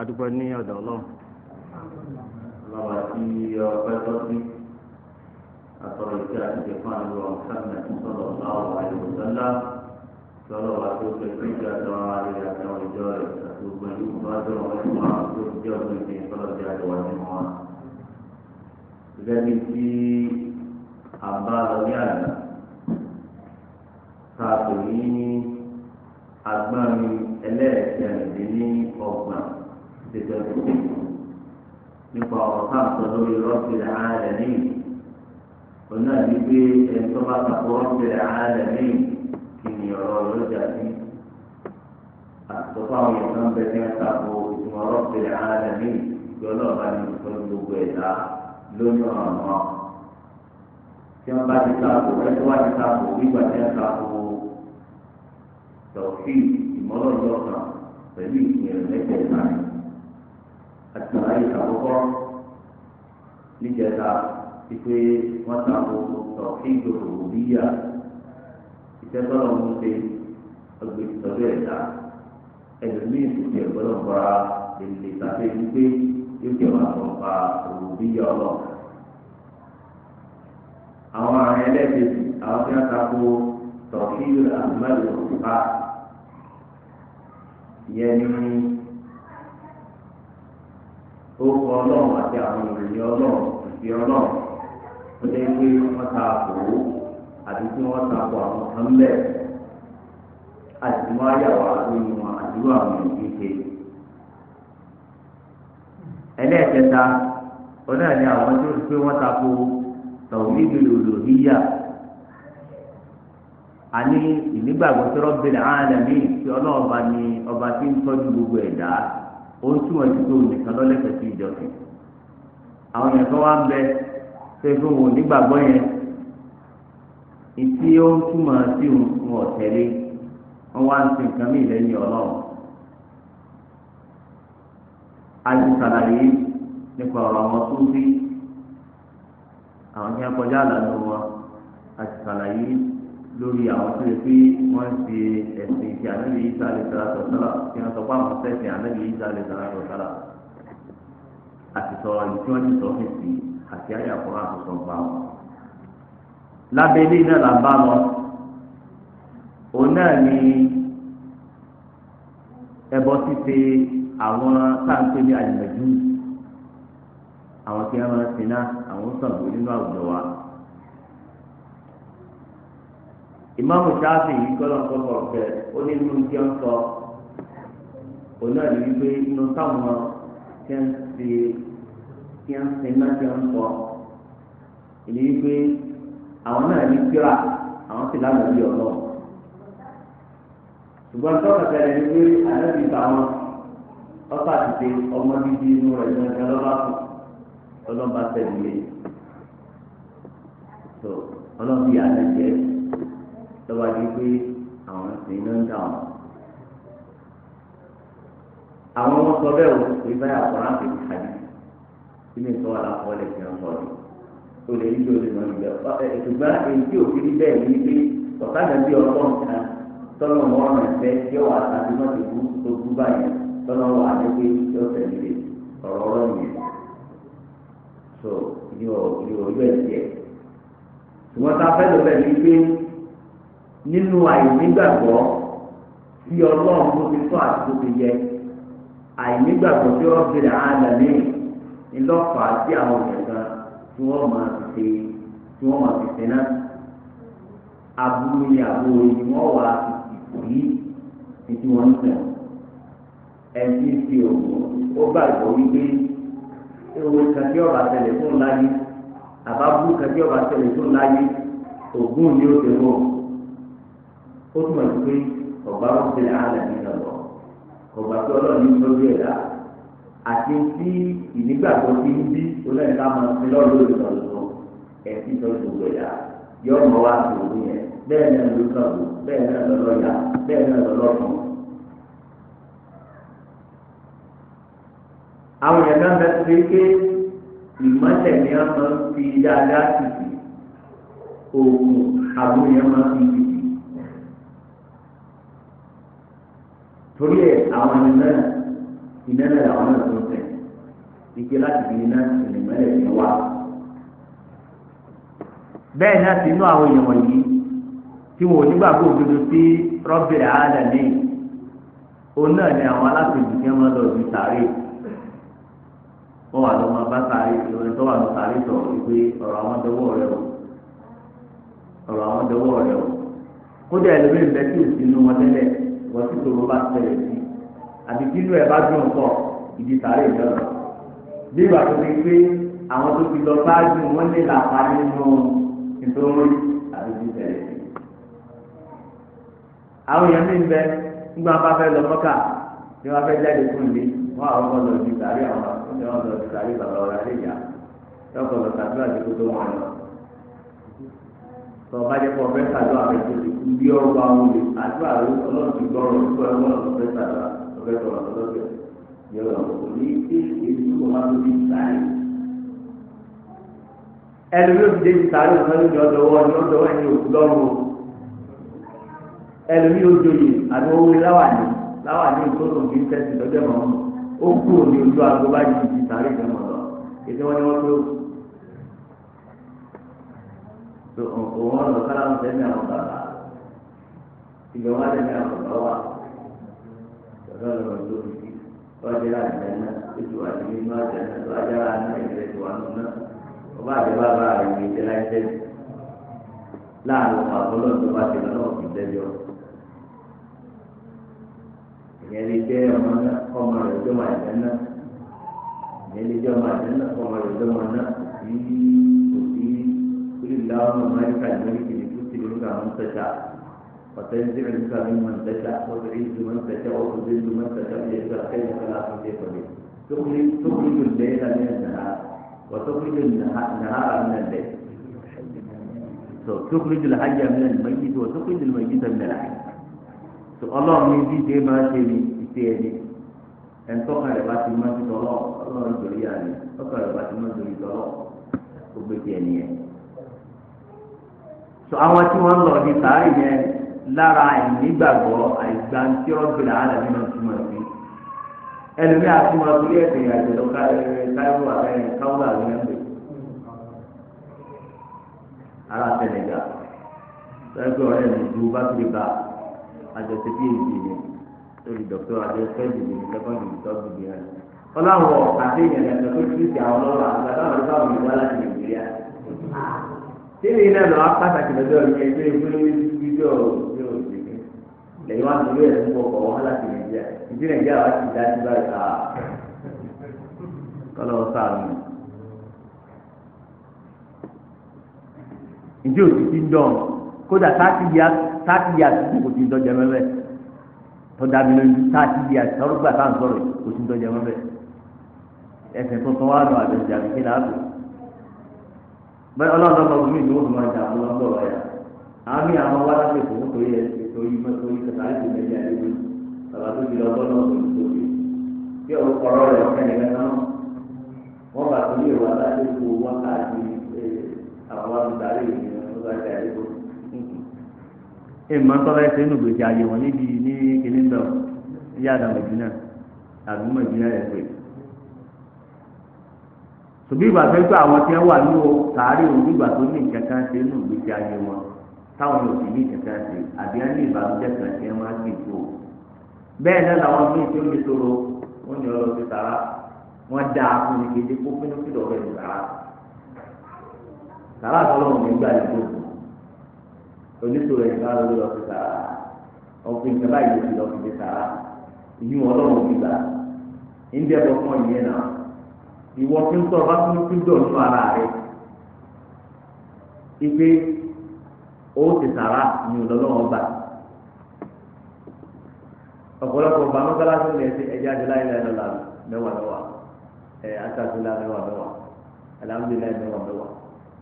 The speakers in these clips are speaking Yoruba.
adúpẹ́ ní ọ̀dọ̀ ọlọ́run. lọ́wọ́ tí ọpẹ́ tó sí àtọ̀rọ̀ ìṣe àtijọ́ fún àwọn ọ̀sánà tí sọ̀rọ̀ láwọn àìlòsánlá sọ̀rọ̀ wà tó fẹ́ fún ìjà àtàwọn àrẹ àtàwọn ìjọ rẹ̀ àti gbogbo ìlú bá dọ̀rọ̀ wọn fún àwọn tó jẹ́ ọ̀gbìn ìpín sọ̀rọ̀ bí àjọwà nínú wọn. gẹ́gẹ́ bí àbá lórí àná ta kò ní agbárin ṣètò nípa ọ̀rọ̀ káàtó lórí rabbil alamin oní àdìgbé ẹ̀ńtọ́ bá kàkó rabbil alamin kì ní ọ̀rọ̀ lọ́jà sí àtọ́fà òye kan bẹ ní àtàkó ìtumọ̀ rabbil alamin kí ọlọ́ọ̀bá ní ìfọ́n gbogbo ẹ̀dá lónìí ọ̀rọ̀ náà tí wọ́n bá ti kàkó ẹ̀tọ́ wá ti kàkó wíwá ti kàkó tọ̀fì ìmọ̀lọ́dọ̀ kan pẹ̀lú ìpínlẹ̀ mẹ́tẹ̀ẹ̀ta ni àti àyè àkọ́kọ́ níjẹta wípé wọ́n tako tọ̀kídò òbíyà ìtẹ́tọ́lọ̀ ń ṣe ọgbẹ́sọ̀rọ̀ ẹ̀dá ẹlòmíì kò tiẹ̀ gbọ́dọ̀ bá lè tàbí wípé yóò jẹ́ wọn àtọ̀ pa òbíyà ọlọ́ àwọn àrùn ẹlẹ́ẹ̀kejì àwọn tí wọ́n tako tọ̀kídò àmàlò òkúta ìyẹn ní. O ọlọ́run àti àwọn ìròyìn ọlọ́run àti ọlọ́run ó lé pé wọ́n ta àpò àti tí wọ́n ta àpò àwọn kan àti wọ́n ayàwó wọn àdúgbò àwọn ìdí ẹlẹ́ẹ̀kẹta ọ̀nà ni àwọn tó ti pé wọ́n ta àpò tọ̀wé àní ìnígbàgbọ́sọ̀rọ̀ bẹ̀rẹ̀ tí ọba ń tọ́jú gbogbo ó túmọ̀ sí pé onìkan lọ́lẹ́sẹ̀ sí ìjọsìn àwọn èèyàn tó wá ń bẹ ṣe fún wọn nígbàgbọ́ yẹn ìtí ó túmọ̀ sí wọn ọ̀tẹ̀lé wọn wá ń sin nǹkan mìíràn ní ọlọ́run a ti sàlàyé nípa ọ̀rọ̀ àwọn tó sí àwọn tí wọn kọjá àlànà wọn a ti sàlàyé lórí àwọn tó yẹ pé wọ́n ti ẹ̀sìn ti ànábì yìí sáré sara sọ̀tọ́lá kí wọ́n sọ pé àwọn sẹ́sìn ànábì yìí sáré sara sọ̀tọ́lá àti sọ̀rọ̀ yìí tí wọ́n ti sọ fún sí àti ayé àkọ́rọ́ àtúntò ń wọn. lábẹ́ ilé náà là ń bá lọ òun náà ni ẹbọ ṣíṣe àwọn táǹpé ní àlùmọ̀jú àwọn tí wọ́n máa ń àwọn sọ̀rọ̀ nínú àwùjọ wa. ìmáàmù sáfì yìí kọ́lọ́ kọ́kọ́ ọ̀fẹ́ ó ní inú jẹ́ ń sọ òun náà ní wípé inú táwọn tí ń ṣe tí ń ṣe náà jẹ́ ń sọ ìní wípé àwọn náà ní kíra àwọn sì lánàá bí ọ̀nà ṣùgbọ́n tọ́ka tẹ̀lé ní pé àlẹ́bí táwọn ọ̀pá àtìsé ọmọ bíbí inú rẹ̀ ní ọjọ́ lọ́ba kù ọlọ́ba tẹ̀lé ọlọ́bí àlẹ́ jẹ́ lọ́wọ́ adé pé àwọn sì ń náà dà àwọn ọmọ sọ bẹ́ẹ̀ o pé báyà kọ́ra ń bèèrè kájí kí ni ìtọ́wà fi hàn sọ̀rọ̀ o lè ní kí o lè mọ ìgbẹ́ ṣùgbọ́n èyí tí òfin ní bẹ́ẹ̀ ni pé ọ̀kadà bí ọlọ́run kan tọ́lọ̀ mọ́ràn ẹ̀fẹ́ yọ wà láti má ti kú tó kú báyìí tọ́lọ̀ wà ní pé yọ tẹ̀lé ọ̀rọ̀ ọ̀rọ̀ yẹn so ní orí ẹ̀ tiẹ̀ ṣùgbọ́n tá a fẹ́ lọ bẹ́ẹ̀ ni pé nínú àìnígbàgbọ́ tí ọlọ́run tó ti tọ́ àti tó ti yẹ àìnígbàgbọ́ tí wọ́n fi rà á lẹ́lẹ́ ńlọ́pàá sí àwọn ìjọba tí wọ́n máa ti ṣe tí wọ́n máa ti ṣe náà aburú ni àbúrò ni wọ́n wà ìkùrí títí wọ́n ń tẹ̀ ẹni tí o ó gbàgbọ́ wípé ewé kàkí ọ̀bà tẹ̀lé fún láyé àbábú kàkí ọ̀bà tẹ̀lé fún láyé ògùn ni ó ti rò ó túmọ̀ sí pé ọba ó ti àlẹ́ nínú ọ̀rọ̀ ọba tí ọlọ́run ní lórí ẹ̀dá àti tí ìnígbàgbọ́ ti ń bí olóyìn ká máa fi lọ́ọ̀lù ìtọ́jú ẹ̀sìn ìtọ́jú gbogbo ẹ̀dá yóò mọ wá sí òun yẹn bẹ́ẹ̀ náà ló sọ̀rọ̀ bẹ́ẹ̀ náà lọ́lọ́yà bẹ́ẹ̀ náà lọ́lọ́kùn. àwọn èèyàn náà bẹ pé pé ìmọ̀lẹ̀ ni fi dáadáa sì òògùn àbúrò máa ń fi torí ẹ̀ àwọn iná iná náà làwọn náà tó tẹ̀ ike láti fi iná ìrìnmẹ́lẹ̀ ní wa bẹ́ẹ̀ náà ti inú àwọn èèyàn wọ̀nyí tí wọn ò nígbàgbọ́ òdodo sí Rabbil Alamin òun náà ni àwọn aláṣejù kí wọ́n lọ sí sàárè wọ́n wà lọ́mọ bá sàárè ìròyìn tó wà lọ sàárè sọ wípé ọ̀rọ̀ àwọn dọwọ́ rẹ o ọ̀rọ̀ àwọn dọwọ́ rẹ o kódà ẹlòmíràn bẹ́ẹ̀ tí ò sí inú wọn tẹ́lẹ̀ ṣùgbọ́n tí tòun bá tẹ̀lé sí àti kí inú ẹ̀ bá dùn kọ́ ìdí sàárè ìjọba bí ìgbà tó ti pé àwọn tó ti lọ báájú wọn lè làpá nínú nítorí àti ìdí tẹ̀lé sí. àwọn èèyàn mi ń bẹ nígbà wọn bá fẹ́ lọ mọ́kà tí wọ́n fẹ́ jáde fún ìlé wọ́n àwọn ọmọ lọ sí sàárè àwọn ọmọ lọ sí sàárè bàbá ọ̀rẹ́ àlejò tọ́ba jẹ́ kó ọbẹ̀ sàdúrà rẹ̀ tó ti kú bí ọ̀rọ̀ àwọn olè àdúrà rẹ̀ ọlọ́run ti gbọ́ ọ̀rọ̀ nípa ẹ̀wọ̀n ọ̀bẹ̀ sàdúrà ọbẹ̀ sọ̀rọ̀ lọ́sẹ̀ yọ̀rọ̀ kò ní í ṣe èyí tó máa tóbi sáré. ẹni ló ti débi sáré ọ̀sán lóde ọ̀dọ̀wọ́ ni ọ̀dọ̀wọ́ ẹni òkú lọ́rùn ẹni mi ò joyè àbí owó láwàní láwàní ìtòrò ní tẹ́sí lọ́jọ́ mọ́ ó kúrò ní ojú agbó bá yìí ti òun ọ̀nà sára ń tẹ̀lé àwọn bàbá ìgbà wọn tẹ̀lé àwọn bàbá wa lọ́dọ̀ lọ́dọ̀ tó fi kí lọ́jọ́ láti tẹ̀lé náà ètò àti nínú àjẹ́ náà lọ́jọ́ láti náà ìrẹsì tó wà nù náà ọba àti bàbá rẹ̀ ní ìdílé àìsẹ́ láàrin ọ̀pá ọlọ́run tó bá ti lọ́wọ́ fi tẹ́jọ́ ìyẹn lè jẹ́ ọmọ ọmọ rẹ̀ jọmọ àjẹ́ náà ìyẹn lè jẹ́ ọmọ àjẹ́ náà ọmọ rẹ̀ jọmọ náà yíyí. الله مالك الملك لتسر لك من تشاء وتنزع لك ممن تشاء وتعز من تشاء وتذل من تشاء ليس خير فلا تضيق به تخرج تخرج الليل من النهار وتخرج النهار من الليل تخرج الحي من الميت وتخرج الميت من الحي الله من دي دي ما تيني تيني ẹn tọ́ka rẹ̀ bá ti máa الله tọ́lọ́ ọlọ́run ìjòyè àná tọ́ka rẹ̀ bá ti máa ti tọ́lọ́ gbogbo ti ẹ̀ nìyẹn. so àwọn tí wọ́n lọ di sàárì yẹn lára àìnígbàgbọ́ àìgbàntí ọ̀gbìn àádà nínú ìtumọ̀ ẹ̀sìn ẹlòmíì àti wọn torí ẹ̀sìn ìrìnàjò lọ káwọ́ àbẹ́rẹ́ káwọ́ àbẹ́rẹ́ ń bẹ̀ ara Senegal sọ́yẹ́pẹ́ ọ̀rẹ́ mi ju bá ti ba àjọṣe bí èyí ni lórí dọ́kítọ́ àjọṣe ìdìbò ní lẹ́kọ̀ọ́ ìdìbò tó gbìgbì rẹ̀ àti ìyẹn lẹ́sẹ̀ tó ti ti àwọn ọlọ́run àgbàdo àwọn ọlọ́run ìwà Nàìjíríà tíbi iná lọ wá pàtàkì lọ́jọ́ ìgbà ìgbà ìgbà ìgbà ìgbà ìgbà lẹ́yìn wá sí ilé ẹ̀sùn kọ̀ọ̀kan wọn láti nàìjíríà ìdí nàìjíríà wá sí ìdájú báyìí ká kọ́lọ́ sáà mi. ìdí òsì ti ń dán kódà táàtì yà táàtì yà tó kò ti ń dọ́jà mẹ́fẹ́ tọ́jà mi lójú táàtì yà sọ́rọ́gbà tá à ń sọ̀rọ̀ kò ti ń dọ́jà mẹ́fẹ́ ẹsẹ̀ tuntun wà lọ àbẹ̀sẹ̀ àbíkí làákùn bẹ́ẹ̀ ọlọ́run ọmọ mi ni wọ́n máa dà mọ́ lọ́dọ̀ ọ̀yà àmì àwọn wá láti fò ó torí ẹ torí torí kẹta àti mẹ́jẹ àdébí bàbá tó fi lọ́gbọ́n náà tó tó fi kí ọ̀rọ̀ rẹ̀ ọ̀kẹ́ yẹn náà wọ́n bá torí ìwà láti fò wákàtí àwọn olùdarí ìrìn ọ̀gá ìjà àdébó. èèmọ̀ tọ́lá ẹsẹ̀ inú gbèsè àyè wọn níbi ní kíní náà yá àdàmọ̀jì náà àdúmọ̀jì náà ẹ̀ pè é tòbí ìgbà tó ń pẹ́ àwọn tí wọ́n wà ní o sàárè òun bí ìgbà tó ní nǹkan kan ṣe nínú ìgbésí ayé wọn táwọn yóò sì ní nǹkan kan ṣe àbí á ní ìbànújẹ́ kan ṣe wọn á sì tó o bẹ́ẹ̀ náà làwọn míì tó lè tóró wọ́n ní ọlọ́ọ̀tì sàrà wọ́n dá a fún kó fún kí lọ́ọ̀rẹ́ ní sàrà sàrà tọ́lọ́run ní gbà lẹ́kọ̀ọ́ onítòrò ìgbà lórí ọ̀sẹ̀ sàrà ọ̀pọ̀ ìjọba ìwọ tí ń sọ bá tún ti dọ̀ nínú ara rẹ ipe ó ti sàrà ní ọlọ́wọ́ gbà ọ̀pọ̀lọpọ̀ bàmúkálásí ní ẹsẹ̀ ẹ̀jẹ̀ adìlá ilẹ̀ ẹ̀dọ́là mẹ́wàá mẹ́wàá ẹ̀ asàtúlá mẹ́wàá mẹ́wàá alhamdulilayi mẹ́wàá mẹ́wàá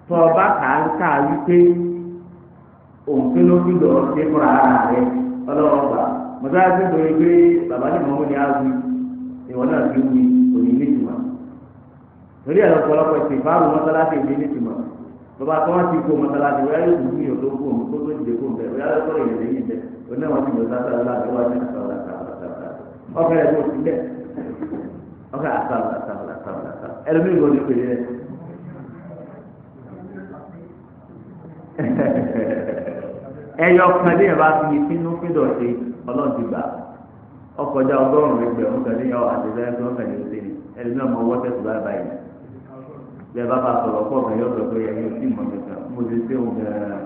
tọ́ ọba kàńkà wípé òǹkẹ́ ló fi dọ̀ ọ́ sí fúnra ara rẹ ọlọ́wọ́ gbà mọ̀tàlásí tó yẹ pé bàbá ní mọ́mú ni á wí ìwọ náà fi wí torí ẹ̀rọ ọ̀pọ̀lọpọ̀ ìpè báwo mọ́sálásí ìdí ní tìmọ̀ bàbá tí wọ́n ti kó mọ́sálásí wọ́n yára ìlú yìí tó kó omi kó tó dìde kó bẹ̀ wọ́n yára sọ̀rọ̀ ìyẹn lẹ́yìn bẹ̀ wọ́n náà wọ́n ti yọ sáfẹ́ aláàbẹ̀ wọ́n ti sàwọ́lá sàwọ́lá sàwọ́lá ọkọ̀ ẹ̀ ló ti bẹ̀ ọkọ̀ àsàwọ́lá sàwọ́lá sàwọ́lá sàwọ́lá ẹlòmí ìwọ ni pèlè rẹ̀ ẹyọ kan lè bá fi sínú fídọ̀ṣe ọlọ́ọ̀dìgbà ọkọjá ọgọ́rùn-ún ẹgbẹ̀rún kan lè yọ àtẹ̀lẹ́ ẹgbẹ̀rún kan lè ṣe ni ẹlòmí ọmọ ọwọ́ báyìí bẹ́ẹ̀ bá bá sọ̀rọ̀ pọ̀ bẹ́ẹ̀ yọ sọ pé ẹ̀yin ò mọ̀ nìkan mo ti ṣe òun gan-an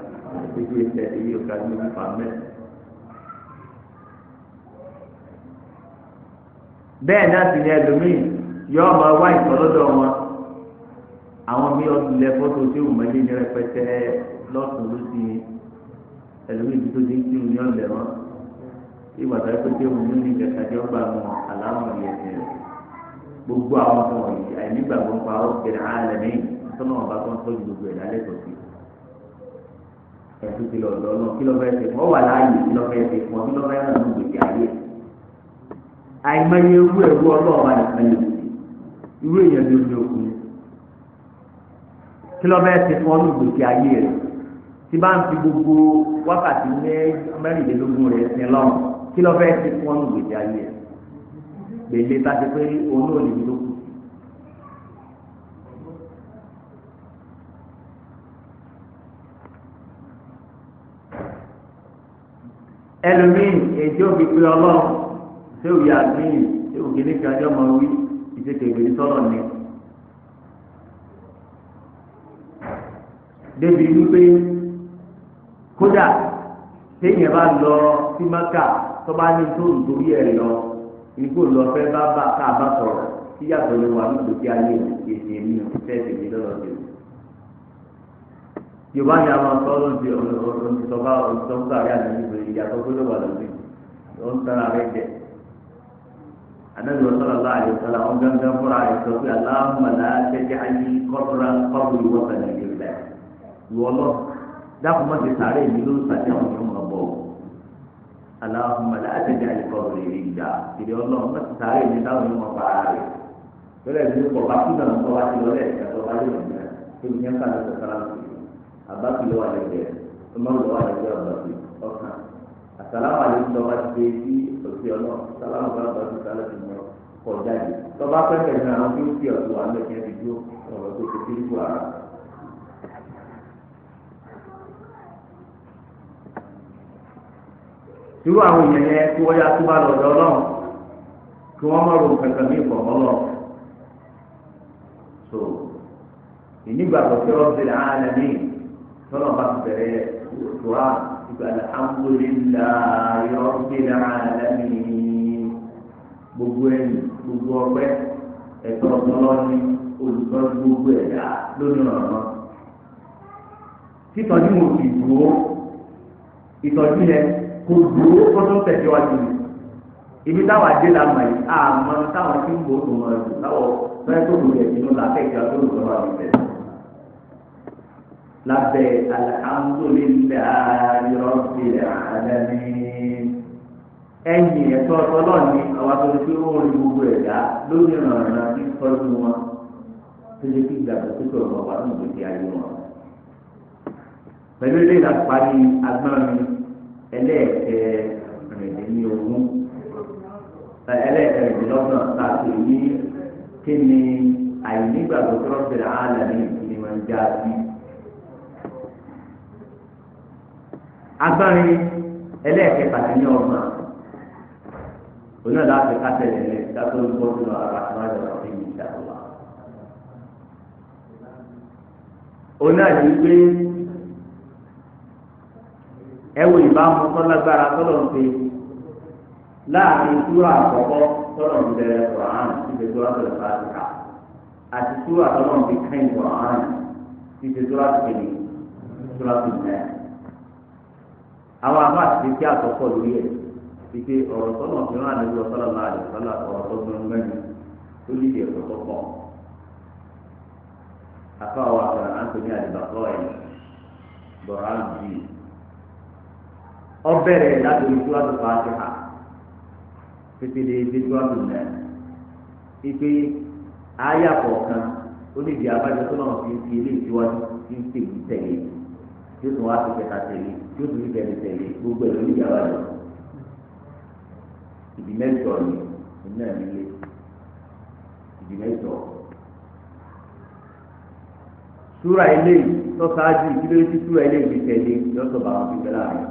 ojú èyí ò ká ní ojú fà mẹ́. bẹ́ẹ̀ náà sì ni ẹlòmíì yọ ọmọ wá ìtọ́lọ́dọ̀ wọn àwọn mi ọ̀dùnlẹ̀ fọ́tò tí òun mẹ́lẹ́ ní rẹpẹtẹ lọ́sùn lóṣì ẹlòmíì tó ti ń kí òun ní ọ̀lẹ̀ wọn ìgbà tó ẹgbẹ́ tí òun ní ìjẹ̀kájọ́ gbà wọn àlámọ̀ ìyẹ̀sẹ̀ rẹ̀ gbogbo àwọn ọmọ wọ̀nyí àìnígbàgbọ́ pa ọ́ kẹrẹ alẹ́mí tọ́nà ọba tó ń tọ́jú gbogbo ẹ̀dá lẹ́tọ̀ọ́ sí. ẹ̀sùn ti lọ lọ lọ kí ló fẹ́ ṣe fún ọ wà láàyè kí ló fẹ́ ṣe fún ọ kí ló fẹ́ ràn ní gbèsè ayé. àìmọye ewu ẹ̀rú ọlọ́ọ̀ba nìkan lè wù irú èèyàn ló lè kú. kí ló fẹ́ ṣe fún ọ ní gbèsè ayé rẹ̀ tí bá ń fi gbogbo wákàtí mẹ́rìnlélógún rẹ̀ sin lọ́rùn kí ló fẹ́ ṣe fún ọ ní gbèsè ayé rẹ̀ gbèlè bá ti pé olóòlì ló kù. ẹlòmíì èdè òbí pé ọlọ́run ṣé òye àgbéyìn ṣé òye ní kan yọmọ wí ìṣètò sọ̀rọ̀ ni. débi wípé kódà téèyàn bá lọ sí maka tó bá ní tó torí ẹ̀ lọ igbó lọ́fẹ́ bá bá tá a bá sọ̀rọ̀ tíyàtọ̀ ló wà nígbò tí a lè ṣe ṣe mí o fẹ́ẹ̀sì mi lọ́dọ̀ tó. yorùbá ni a máa sọ ọ́ lóde òǹtọ́fà òǹtọ́fà rẹ̀ àti ìgbò ìyàtọ̀ tó ló wà lóde ó ń tara rẹ̀ jẹ. anábì wọn sọ̀rọ̀ bá àyè sọ̀rọ̀ wọn gángan fúnra rẹ̀ sọ pé aláàmàlà tẹ́jẹ́ ayé kọ́tùrà kọ́bù ìwọ́sàn ìgbè اللهم لا تجعل قبري ريدا ìdí ọlọ́run bá ti sáré ní táwọn yóò máa bára rẹ̀ lọ́lẹ̀ ní kò bá kí náà sọ wá sí lọ́lẹ̀ ìgbàgbọ́ bá yóò yẹn tó ní yẹn ká ló sọ sára sí i àbáfi lọ́wọ́ àlẹ́gbẹ̀ẹ́ tó máa ń lọ́wọ́ àlẹ́gbẹ̀ẹ́ ọ̀dọ̀ sí ọkàn àsàlámù àlẹ́kùn lọ́wọ́ ti dé sí òsì ọlọ́run sálámù bá lọ́wọ́ ti sálẹ̀ sí mọ́ kọjá irú àwọn èèyàn yẹn kí wọ́n yá tó bá lọ́dọ̀ ọlọ́run kí wọ́n má ro kankan ní ìfọ̀mọ́ lọ. so ìnígbàgbọ́ tí wọ́n fi hàn án ní tọ́lọ̀ bá ti bẹ̀rẹ̀ ìtura ìgbà alhamdulillahi rabbil alamin gbogbo ẹ̀yìn gbogbo ọgbẹ́ ẹ̀tọ́ ọlọ́ni olùkọ́ gbogbo ẹ̀dá lónìí ọ̀nà. títọ́jú mo fi dúró ìtọ́jú yẹn kò dúró tọ́tọ́ tẹ̀síwájú ni ibi táwọn adé la mọ̀ yìí àmọ́ táwọn tí ń bò tó mọ̀ ẹ̀dùn táwọn fẹ́ẹ́ tó lù ẹ̀dùn ló làbẹ́ ìjà tó lù lọ́wọ́ àbí bẹ́ẹ̀. lábẹ́ alihamudulilayi rọ́bì alẹ́mí ẹ̀yìn ẹ̀tọ́ ọlọ́ọ̀ni àwọn àtọ́jú tí ó rìn gbogbo ẹ̀dá lórí ìrànlọ́nà tí tọ́jú wọn tó lè fi ìgbàgbọ́ tó tọ̀ ọ̀rọ̀ wà ní ìgbésí ayé wọn. pẹ̀lú ilé ìdàpọ̀ ẹlẹ́ẹ̀kẹrìndínlógún ẹlẹ́ẹ̀kẹrìndínlọ́gbọ̀n káàkiri ní kí ni àìnígbàgbọ́ tọ́lọ́bìrì àlàní ni wọ́n ń já sí. agbárin ẹlẹ́ẹ̀kẹtàdínlọ́gbọ̀n onáà láti kásẹ̀ lẹ́lẹ́ dátó ń bọ́ sínú ara àtúwájú ọ̀rọ̀ fún mi ìjà tó wà. onáà yìí ẹ wo ìbámu tọ́lágbára tọ́lọ̀ ń pe láàrin túrà àkọ́kọ́ tọ́lọ̀ ń bẹ̀rẹ̀ kọ̀ọ̀án ìgbé tóra tọ́lọ̀ bá ti kà àti túrà tọ́lọ̀ ń pe kẹ́yìn kọ̀ọ̀án ìgbé tóra tẹ̀lé tóra tó nẹ́. àwọn àbá àti kí àkọ́kọ́ lórí ẹ̀ wípé ọ̀rọ̀ tọ́lọ̀ fi rán àdébí ọ̀tọ́lọ̀ náà àdé tọ́lọ̀ ọ̀rọ̀ tó gbọ́n mẹ́rin tó lè dé ẹ̀kọ́ tó pọ̀ ọbẹ̀rẹ̀ láti orí túwájú pàṣẹ hà pépéle ilé túwájú lẹ̀ ipe àyà kọ̀ọ̀kan oníbi abájọ tó náà fi fi ilé ìtúwájú fi ń tèmi tẹ̀lé yóò tún wá sí kẹta tẹ̀lé yóò tún rí tẹ̀lé tẹ̀lé gbogbo ẹ̀ lórí abájọ ìdí mẹ́tọ̀ ni iná nílé ìdí mẹ́tọ̀ súra ilé yìí lọ́sàájú ìdílé tí súra ilé yìí tẹ̀lé lọ́sọ̀ bá wọn fi tẹ̀lé àárín.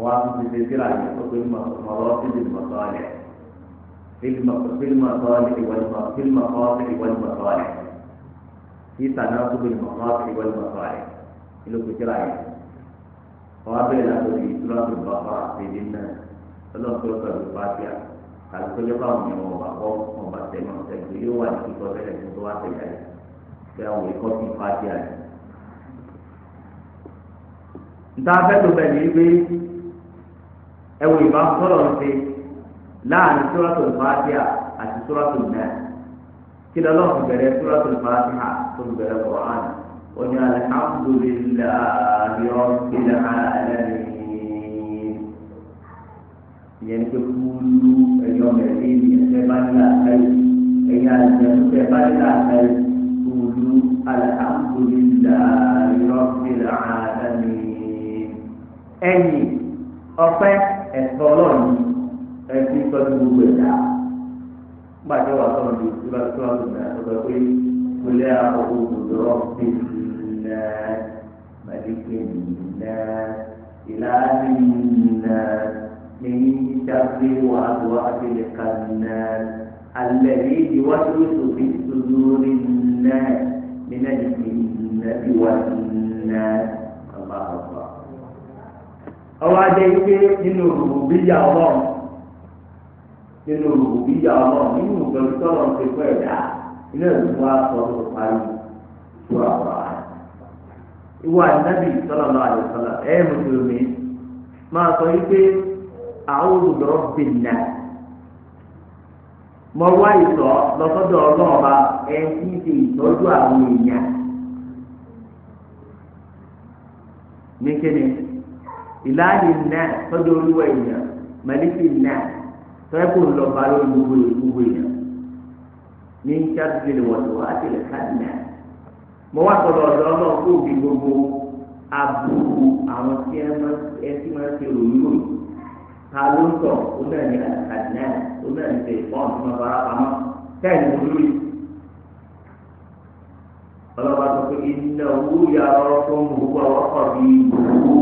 àwọn akutete síra yìí ó pé mọ̀rọ́ fílì mọ̀tọ́lẹ̀ fílì mọ̀tọ́lẹ̀ fílì mọ̀tọ́lẹ̀ ìwọ́n mọ̀tọ́lẹ̀ títà náà tó fílì mọ̀tọ́lẹ̀ ìwọ́n mọ̀tọ́lẹ̀ ìlú pé síra yìí wọ́n á bẹ̀rẹ̀ látòrí ìtúrọ́sì bàbá àtẹ̀dé náà ọlọ́pẹ́ pẹ̀lú pátíà àlùkọ́jọ́ báwọn èèyàn wọn bá kọ́ wọn bá tẹ̀ náà tẹ̀gbẹ́ yóò wà ní kíkọ́ tẹ́lẹ̀ tó tó wá tẹ̀lé yìí pé àwọn èèkọ́ fi pátíà yìí. nta fẹ́ tó bẹ̀ ní pé ẹ wò ìbá sọ̀rọ̀ ń ṣe láàrin sóràtò ìfàtíà àti sóràtò náà kí lọ́lọ́ fi bẹ̀rẹ̀ sóràtò ìfàtíà tó fi bẹ̀rẹ̀ Qur'an ó ní alhamdulillahi rabbil hà ìyẹn ní pé kúlú ẹ̀yọ́ mẹ́rin ní ẹ̀fẹ́ bá ní làákàyè ẹ̀yà ìjẹ̀fẹ́ bá ní làákàyè kúlú alhamdulillahi rabbil alamin ẹ̀yìn ọ̀pẹ́. ẹ̀tọ́ náà ni ẹtí tọ́jú gbogbo ẹ̀dá gbàdé wà sọ̀rọ̀ ní ìtura tó wà lónìí àtọ́jọ́ pé kólé àwọn olùdó ti nà màdìkè nà ìlànà nà lẹ́yìn ìjáde wà lọ abẹ́lẹ̀ kan nà alẹ́ yìí di wá sí sòfin sòdúrórí nà nínú ẹ̀dínkì nà bí wà ọba ọba ọwọ́ adé wípé nínú rùbùbíyà ọlọ́run nínú rùbùbíyà ọlọ́run nínú ìgbẹ́lú tọ́lọ̀ ń pèpè ẹ̀dá ilé ìlú wa sọ ló parí tó àwọn àrà. ìwà ìnábì tọ́lọ̀ lọ àdìsọ́lọ̀ ẹ̀ mùsùlùmí máa sọ wípé àwọn olùdọ̀ bìnnà mọ wá ìtọ́ lọ́sọ́dọ̀ ọlọ́ọ̀ba ẹ̀ ń kí ṣe ìtọ́jú àwọn èèyàn ní kéde ìlànà náà tọ́jú olúwa èèyàn mẹ́líkì náà tọ́jú kò ń lọ bá lórí gbogbo gbogbo èèyàn ní sábìlì lè wọ̀tò àti lè káàdì náà. mo wá sọ̀rọ̀ ọ̀dọ́ náà kó bí gbogbo aburú àwọn tí ẹ máa ti máa ṣe òwúrò ta ló ń tọ̀ ó náà ní àkàdì ó náà ní ṣe ìfọ́n tó máa bára pamọ́ olórí. ọlọ́ba sọ pé iná owó yàrá ọkọ̀ ń bọ̀ wọ́pọ̀ bíi gbogbo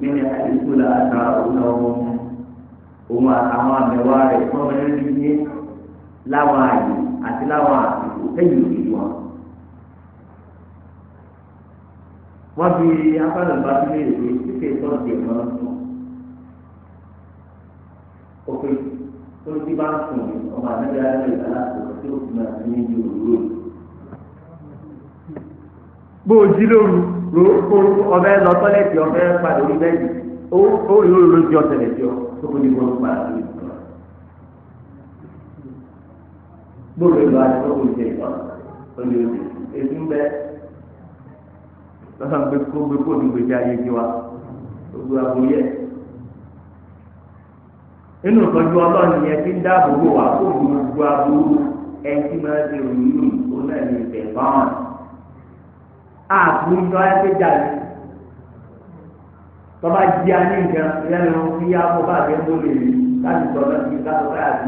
mímí àdínkù là àtà òun ọmọ òun àtàwọn àmẹwà rẹ fọmọ ẹni ní láwọn àyè àti láwọn àsìkò ẹ̀yìn òbí wọn. wọn fi afárànbá sílé ìwé títí ìtọ́jú ẹ̀mọ́ sùn òfin tó ti bá ń sùn ọmọ àdájọ́ ẹ̀rọ ìgbàlásùn tí ó fi máa ń ní ìlú bó o jí lóru ló kó ọbẹ̀ lọ tọ́lẹ̀tì ọbẹ̀ padà orí bẹ́ẹ̀ yìí ó ó rí olórí ọ̀sẹ̀ lẹ́tì ọ tó kó ní gbọ́dọ̀ padà lórí ìtọ́ gbọ́dọ̀ ìlú àti tó kó ní ìtọ́ olè òdì èdè ń bẹ lọ́sàn gbé kó gbé kó ní gbèsè ayé ti wa gbogbo àgbóyè inú ìtọ́jú ọlọ́run yẹn ti ń dáàbò bò wá gbogbo àbúrò ẹni tí máa ń ṣe òyìnbó náà ní ìtẹ̀ báwọn. àbú ìjọ ẹgbẹ́jà rẹ̀ tọ́ba jí a ní nǹkan lẹ́nu ya yàgò bá àgbẹ̀ tó lè rí láti sọ náà bí ká sọ́kà àti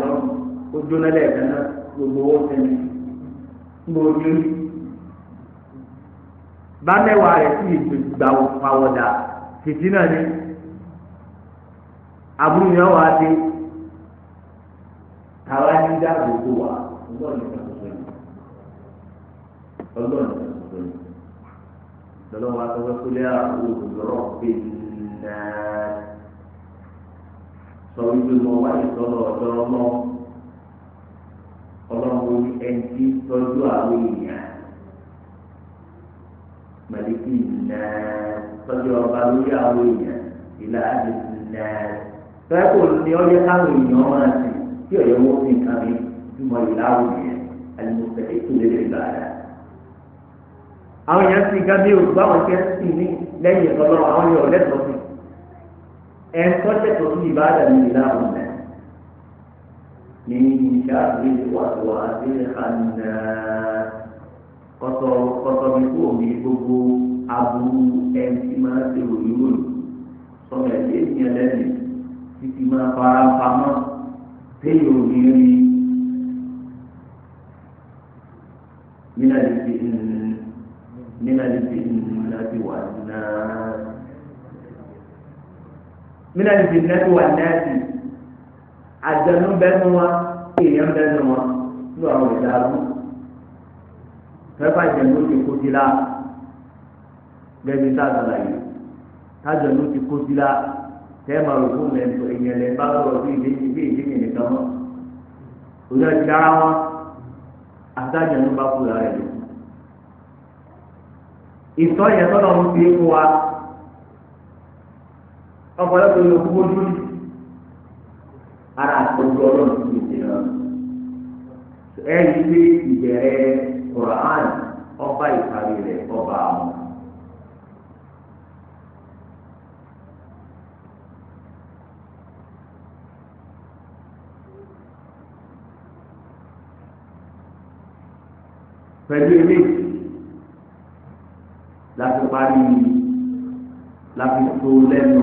jóná lẹ́ẹ̀kan náà gbogbo owó sẹ́ni ń bò bá mẹ́wàá rẹ̀ sì gbà pàwọ̀dà títí náà ni àbúrò yẹn wà á tàwa ní dáàbò tó wà ọgbọ́n lọ́lọ́wọ́ wa tọ́wọ́ kúlẹ̀ olùdọ́rọ̀ pé nàá sọ wípé mo wá ìtọ́lọ̀ ọ̀dọ́ ọmọ ọlọ́run ní ẹni tí tọ́jú àwọn èèyàn màlìkì nàá tọ́jú ọba lórí àwọn èèyàn ìlà àdìsí nàá tọ́jú ní ọyẹ káwọn èèyàn máa sìn tí ọ̀yẹ́ fi nǹkan mi túmọ̀ ìlà àwọn èèyàn àlùmọ̀tẹ́ ètò lè lè gbà àwọn èèyàn sì gá bí òkú àwọn kẹ́ sì ní lẹ́yìn ìtọ́lọ́ àwọn yóò lẹ́tọ̀ọ́ sí ẹ̀ ń tọ́jẹ́tọ̀ sí ìbáàdà mi ìlà àwọn ọ̀nà ní ìṣàbí wàtò àti àná kọ́tọ̀ kọ́tọ̀ mi kú òní gbogbo aburú ẹ̀ ń ti máa ṣe òyìnbó sọmọ ẹ̀dẹ́ ìyẹn títí máa fara pamọ́ téèyàn ò rí nínú àdìsí nínú. من الجنة والناس من الجنة والناس àjẹnú bẹnu wa èèyàn bẹnu wa ló àwọn ìdààmú fẹfà jẹnu ti kó sí la gẹbi tá a sọlá yìí tájẹnu ti kó sí la tẹ máa rò fún lẹnu èèyàn lẹ bá lọ bí ìdí bí ìdí kìnìún kan mọ òun náà ti dára wọn àtàjẹnu bá kú lára ẹ lọ ìtọ́ yẹn tọ́lọ̀ ń fi fún wa ọ̀pọ̀lọpọ̀ yóò kú ojú rí ara àtọ́jú ọlọ́run ti ṣe hàn ẹ̀yìn pé ìbẹ̀rẹ̀ Quran ọba ìparí rẹ̀ ọba àwọn. pẹ̀lú eléyìí láti parí láti tó lẹ́nu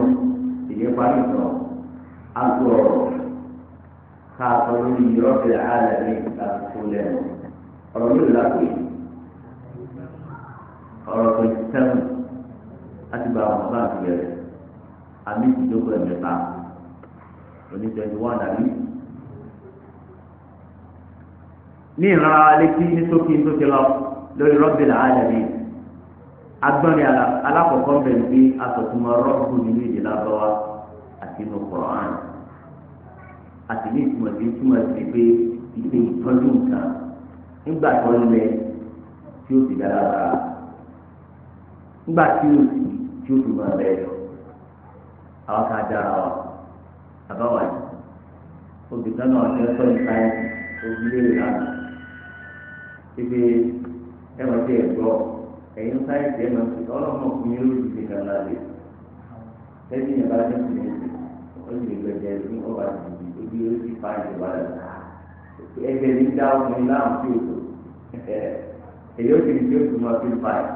ìyẹn parí sọ àtọ ọ̀rọ̀ ká sọ lórí ìrọ́bìlẹ̀ àlẹ́ ní láti tó lẹ́nu ọ̀rọ̀ yóò lápè ọ̀rọ̀ tó ti sẹ́wọ̀n láti gba àwọn ọ̀gá àti bẹ̀rẹ̀ àmì ìdókòwò ẹ̀mẹ́ta oníṣẹ́jú wà dàbí. ní ìran alẹ́ kí ní sókè sókè lọ lórí rọ́bìlẹ̀ àlẹ́ ní agbọ́nrin alákọ̀ọ́kọ́ bẹ̀ ń gbé asọ̀túnmọ̀ rọ́ọ̀bù nínú èdè lábọ́wá àti inú kọ̀ọ̀án àti ní ìtumọ̀ tí ń túmọ̀ sí pé ìpè ìtọ́jú nǹkan nígbà tó lẹ tí ó sì dára rà nígbà tí ó sì tí ó sì máa bẹ̀ lọ àwọn kan dára wa bàbá wa yìí obìnrin náà ṣe ń sọ nípa ẹ̀ òbí lè rà ẹ̀ ẹ̀ wọ́n ti ẹ̀ gbọ́ ẹ̀yin sáyẹ̀ tẹ̀ mọ̀ sí ọlọ́mọ fún yín lórí ìdè kan láti tẹ́sí yẹn bá ní ìdè ẹ̀sìn ó lè gbẹ̀jẹ̀ ní ọba ìdè ojú ó sì fa ìdè wà lẹ́nu ẹgbẹ́ ní dá ọkùnrin láàmú sí òkò èyí ó sì ní tí ó tún máa fi fa ẹ̀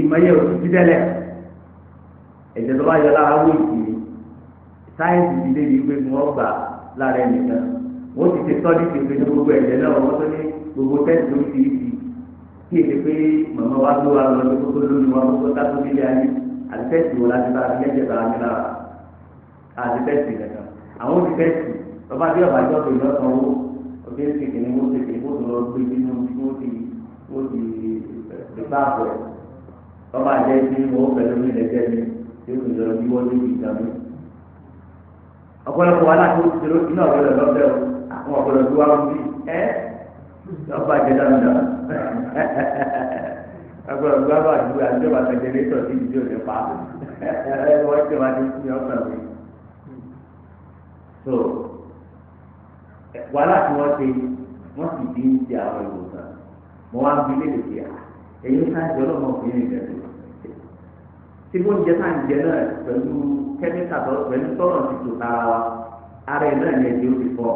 ìmọ̀ yẹ òtún ti tẹ́lẹ̀ ẹ̀jẹ̀ tó bá yọ lára wó ìdìrí sáyẹ̀nsì ti débi pé wọ́n gbà lára ẹnìkan wọ́n ti ṣe tọ́lí ti pé ní gbogbo ẹ̀jẹ̀ náà wọ́n tó ní gbogbo tẹ́sí ló ti tí èdè pé màmá wa ló wa lọ lóko lórí wa kókó dáko nílé ayé àtẹ́sì wọn láti bá akẹ́kẹ́ bá mi lára àtẹ́sì rẹ̀ kan àwọn olùtẹ́sì ọba bí ọba ìjọba ìlú ọ̀sán owó ọdún èsì kìíní wọ́n ti kìíní wọ́n ti lọ gbé nínú tí wọ́n ti wọ́n ti eh, gbà bọ̀ ọba jẹ́ kí wọ́n pẹ̀lú mi lẹ́jẹ́ mi tí ó ń lọ bí wọ́n lé ìgbà mi. ọ̀pọ̀lọpọ̀ wa láti ó ti lọ sí náà ọ̀pọ̀lọpọ̀ lọ́fẹ̀ẹ́ o àwọn ọ̀pọ̀lọpọ̀ wa ń bí ẹ́ ọba jẹ́ dáadáa agbọ̀dọ̀ gba bá àdúgbò àdúgbò àtẹ̀jẹ̀lẹ́tọ̀ sí ìdí òde pa wọ́n ti wá ní ìpínlẹ̀ ọ̀sán mi. so wàhálà tí wọ́n ṣe wọ́n sì bí ń ṣe àwọn ìwòsàn mo wá ń bi léde sí à èyí ń sáájú ọlọ́mọkùnrin rẹ̀ tó tí mo ń jẹ sáà ń jẹ náà pẹ̀lú kẹ́míkà tó pẹ̀lú tọ́lọ̀ ti tò tara wa ara ẹ̀ náà yẹn ti ó ti fọ́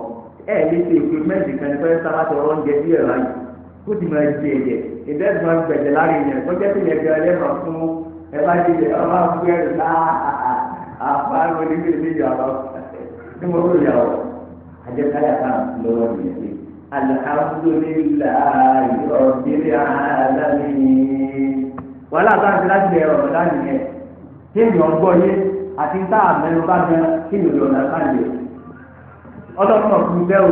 ẹ̀ẹ́dẹ́gbẹ̀ẹ́ mẹ́rin kan ní fẹ́ẹ́ sábà tó ọ̀rọ̀ ń kó ti máa jẹ ẹ̀jẹ̀ ìdẹ́sùn máa gbẹ̀jẹ̀ láàrin yẹn kó jẹ́ sílẹ̀ gan ẹ̀ máa fún ẹ bá ti jẹ ọba fún ẹ̀rù náà àfa ló ní bí ìdíje ọ̀rọ̀ ní mo rò yà àjẹkáyà kan lọ́wọ́ nìyẹn sí alihamudulilayi ọ̀bìrì alami wàhálà bá ń ti láti bẹ̀rẹ̀ ọ̀rọ̀ láti yẹn kí ni ọ̀ ń gbọ́ yé àti tá a mẹ́nu bá gan kí ni ò lọ́ọ́ náà sáyẹn ọlọ́run ọ̀kùnrin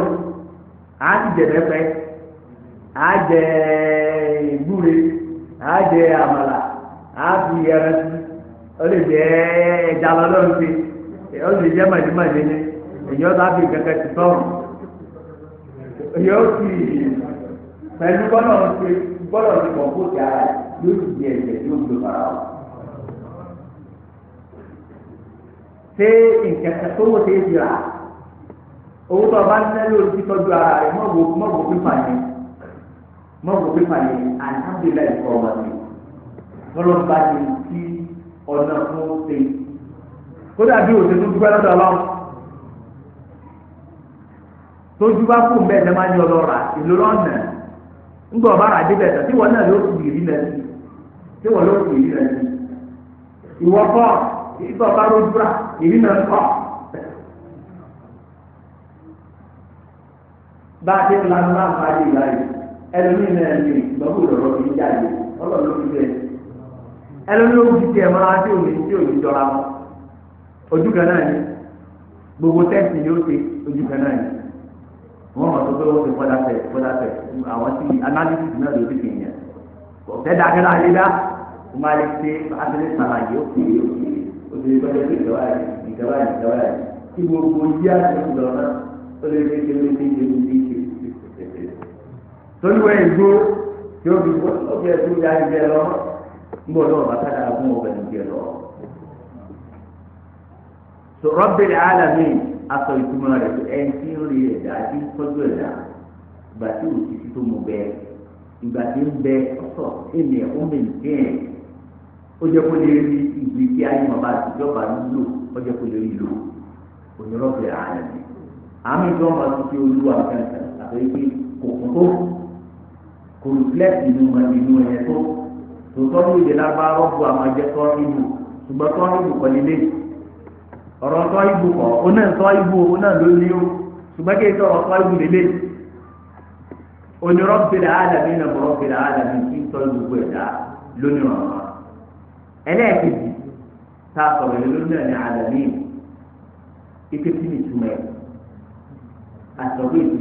àjẹ ìgbúre àjẹ àmàlà àfi jẹ ẹja lọ́lọ́run jẹ màdìmàdì ní èyí ọ̀dọ́ àfi ti tọ́rùn yóò sì pẹ̀lú bọ́lọ̀ ṣe bọ́lọ̀ ṣe ti ara yóò sì di ẹ̀jẹ̀ yóò gbé fara tó owó tó a bá ń ara yẹn. mọ̀rọ̀ pé màá yẹ alhamdulilayi kọ́ ọba mi mọ̀rọ̀ bá ti ti ọ̀nà fún ṣe ó dàbí òṣèlú tó dúpẹ́ lọ́dọ̀ ọlọ́run tó dúpẹ́ fún bẹ́ẹ̀ lẹ́ máa ní ọlọ́ra ìlú lọ́nà ńgbọ̀ ọba rà dé bẹ̀tẹ̀ tí wọ́n náà ló kù ìrí lẹ́sí tí wọ́n ló kù ìrí lẹ́sí ìwọ kọ́ ìgbà ọba ló dúrà ìrí náà kọ́ bá a ti ń lanu láǹfààní ìlà yìí ẹlòmíì náà lè lọ́wọ́ ìrọ̀rọ̀ mi jáde ọlọ́run ló fi bẹ́ẹ̀ ẹlòmíì ó fi tiẹ̀ máa tí òní tí òní jọra wọn ojú kan náà ni gbogbo tẹ́ǹtì ni ó ṣe ojú kan náà ni wọ́n mọ̀ tó pé wọ́n ti fọ́dà tẹ̀ fọ́dà tẹ̀ àwọn tí analysis náà ló fi kéèyàn ọ̀tẹ́ dákẹ́lá yé dá ó máa lè ṣe abẹ́lé sàlàyé ó kéèyàn ó ti gbọ́dọ̀ pé ìjọba yìí ìjọba yìí ìjọba yìí tí gbogbo yíyá ti ń ó lè ṣe ṣe ṣe torí wọ́n ègbó yóò fi wọ́n tó bí ẹtú ya ìgbẹ́ lọ ńgbọ́ náà bàtà dára fún ọbẹ̀ ìgbẹ́ lọ. Rabbil alamin aṣọ ìtumọ̀ rẹ̀ tó ẹni tí ń rí ẹ̀dá tí ń tọ́jú ẹ̀dá ìgbà tí ò ti tó mo bẹ ìgbà tí ń bẹ ọ̀sọ̀ èmi ẹ̀ ọmọ ìkẹ́ ẹ̀ ó jẹ́ kó lè rí ìgbì tí ayé màmá àtijọba lò ó jẹ́ kó lè rí lò òní Rabbil alamin àmì ìjọba tó ti olúwa kankan àtọ́ kò rìflẹ́tì inú ma inú ẹ̀yẹ tó tòótọ́ ní ìdè lábá rọ́bù àwọn ẹ̀jẹ̀ tọ́ ibù ṣùgbọ́n tọ́ ibù kọ́ nílé ọ̀rọ̀ tọ́ ibù kọ́ ó náà tọ́ ibù ó náà ló ní o ṣùgbọ́n kí ètò ọ̀rọ̀ tọ́ ibù lélẹ̀ onírọ́ bèrè àdàmì náà bọ̀rọ̀ bèrè àdàmì kí n tọ́ gbogbo ẹ̀dá lónìí ọ̀rọ̀ ẹlẹ́ẹ̀kejì tá a sọ̀rọ̀ yẹn lónìí ọ̀nà àdàmì ike tí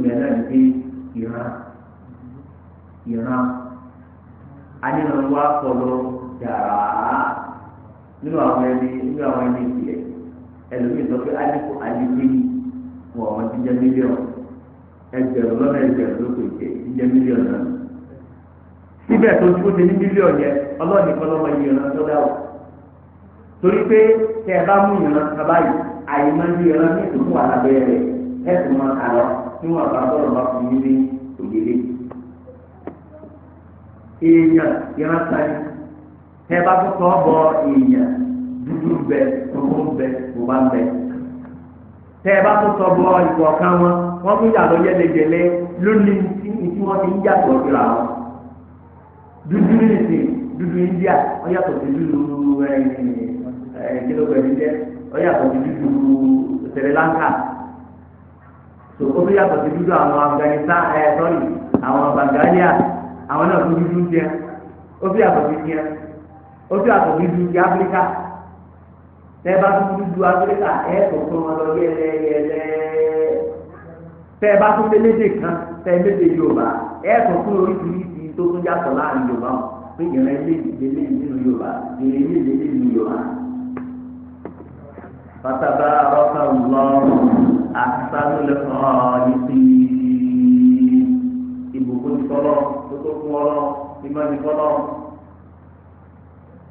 náà ní ìran ìran anínàwó akọlọ yàrá nínú àwọn ẹni nínú àwọn ẹni ìpìlẹ̀ ẹlòmíì sọ pé alikó alikó wọ ọmọ jíjẹ mílíọ̀nù ẹgbẹ̀rún lọ́nà ẹgbẹ̀rún ló pè jẹ jíjẹ mílíọ̀nù náà síbẹ̀ tó tó ti ní mílíọ̀nù yẹn ọlọ́ọ̀nì kọlọ́mọ yìí ìran tó dá o torí pé tẹ ẹ bá mú ìran kaba yìí àyìnbá ní ìran ní ìdókòwò àtàbẹ̀rẹ̀ ẹ̀ tó máa kà lọ níwọ̀n àbá bọ́ọ̀lù bá fún mi ní òyìnbó èèyàn ìrántá yìí ẹ bá tó tọ́ bọ èèyàn dúdú bẹ gbogbo bẹ bùbá bẹ tẹ ẹ bá tó tọ́ bọ ìkọ̀ọ̀kan wọn wọ́n tún yàtọ̀ yẹ́lẹ́yẹ́lẹ́ lónìí tí tí wọ́n ti ń yàtọ̀ ìra wọn dúdú nìsín dúdú India ó yàtọ̀ sí dúdú kìlógramì jẹ́ ó yàtọ̀ sí dúdú Sri Lanka tó ó tún yàtọ̀ sí dúdú àwọn Afghanistan ẹ̀ sọ́rí àwọn Bengalia àwọn náà tó dúdú jẹ ó fi àtọ̀ fi jẹ ó fi àtọ̀ fi dúdú jẹ áfíríkà tẹ bá tún dúdú áfíríkà ẹ tó tó wọn lọ yẹlẹyẹlẹ tẹ bá tún lédè kan tẹ lédè yorùbá ẹ tó tún oríṣiríṣi tó tún yàtọ̀ láàrin yorùbá o pé ìrìn eléyìí eléyìí nínú yorùbá ìrìn eléyìí eléyìí nínú yorùbá. fataba ọkọ lọ àtàlùlẹ ọ ìsìn ìbùkún tọlọ fọlọ ìmọ̀ni fọlọ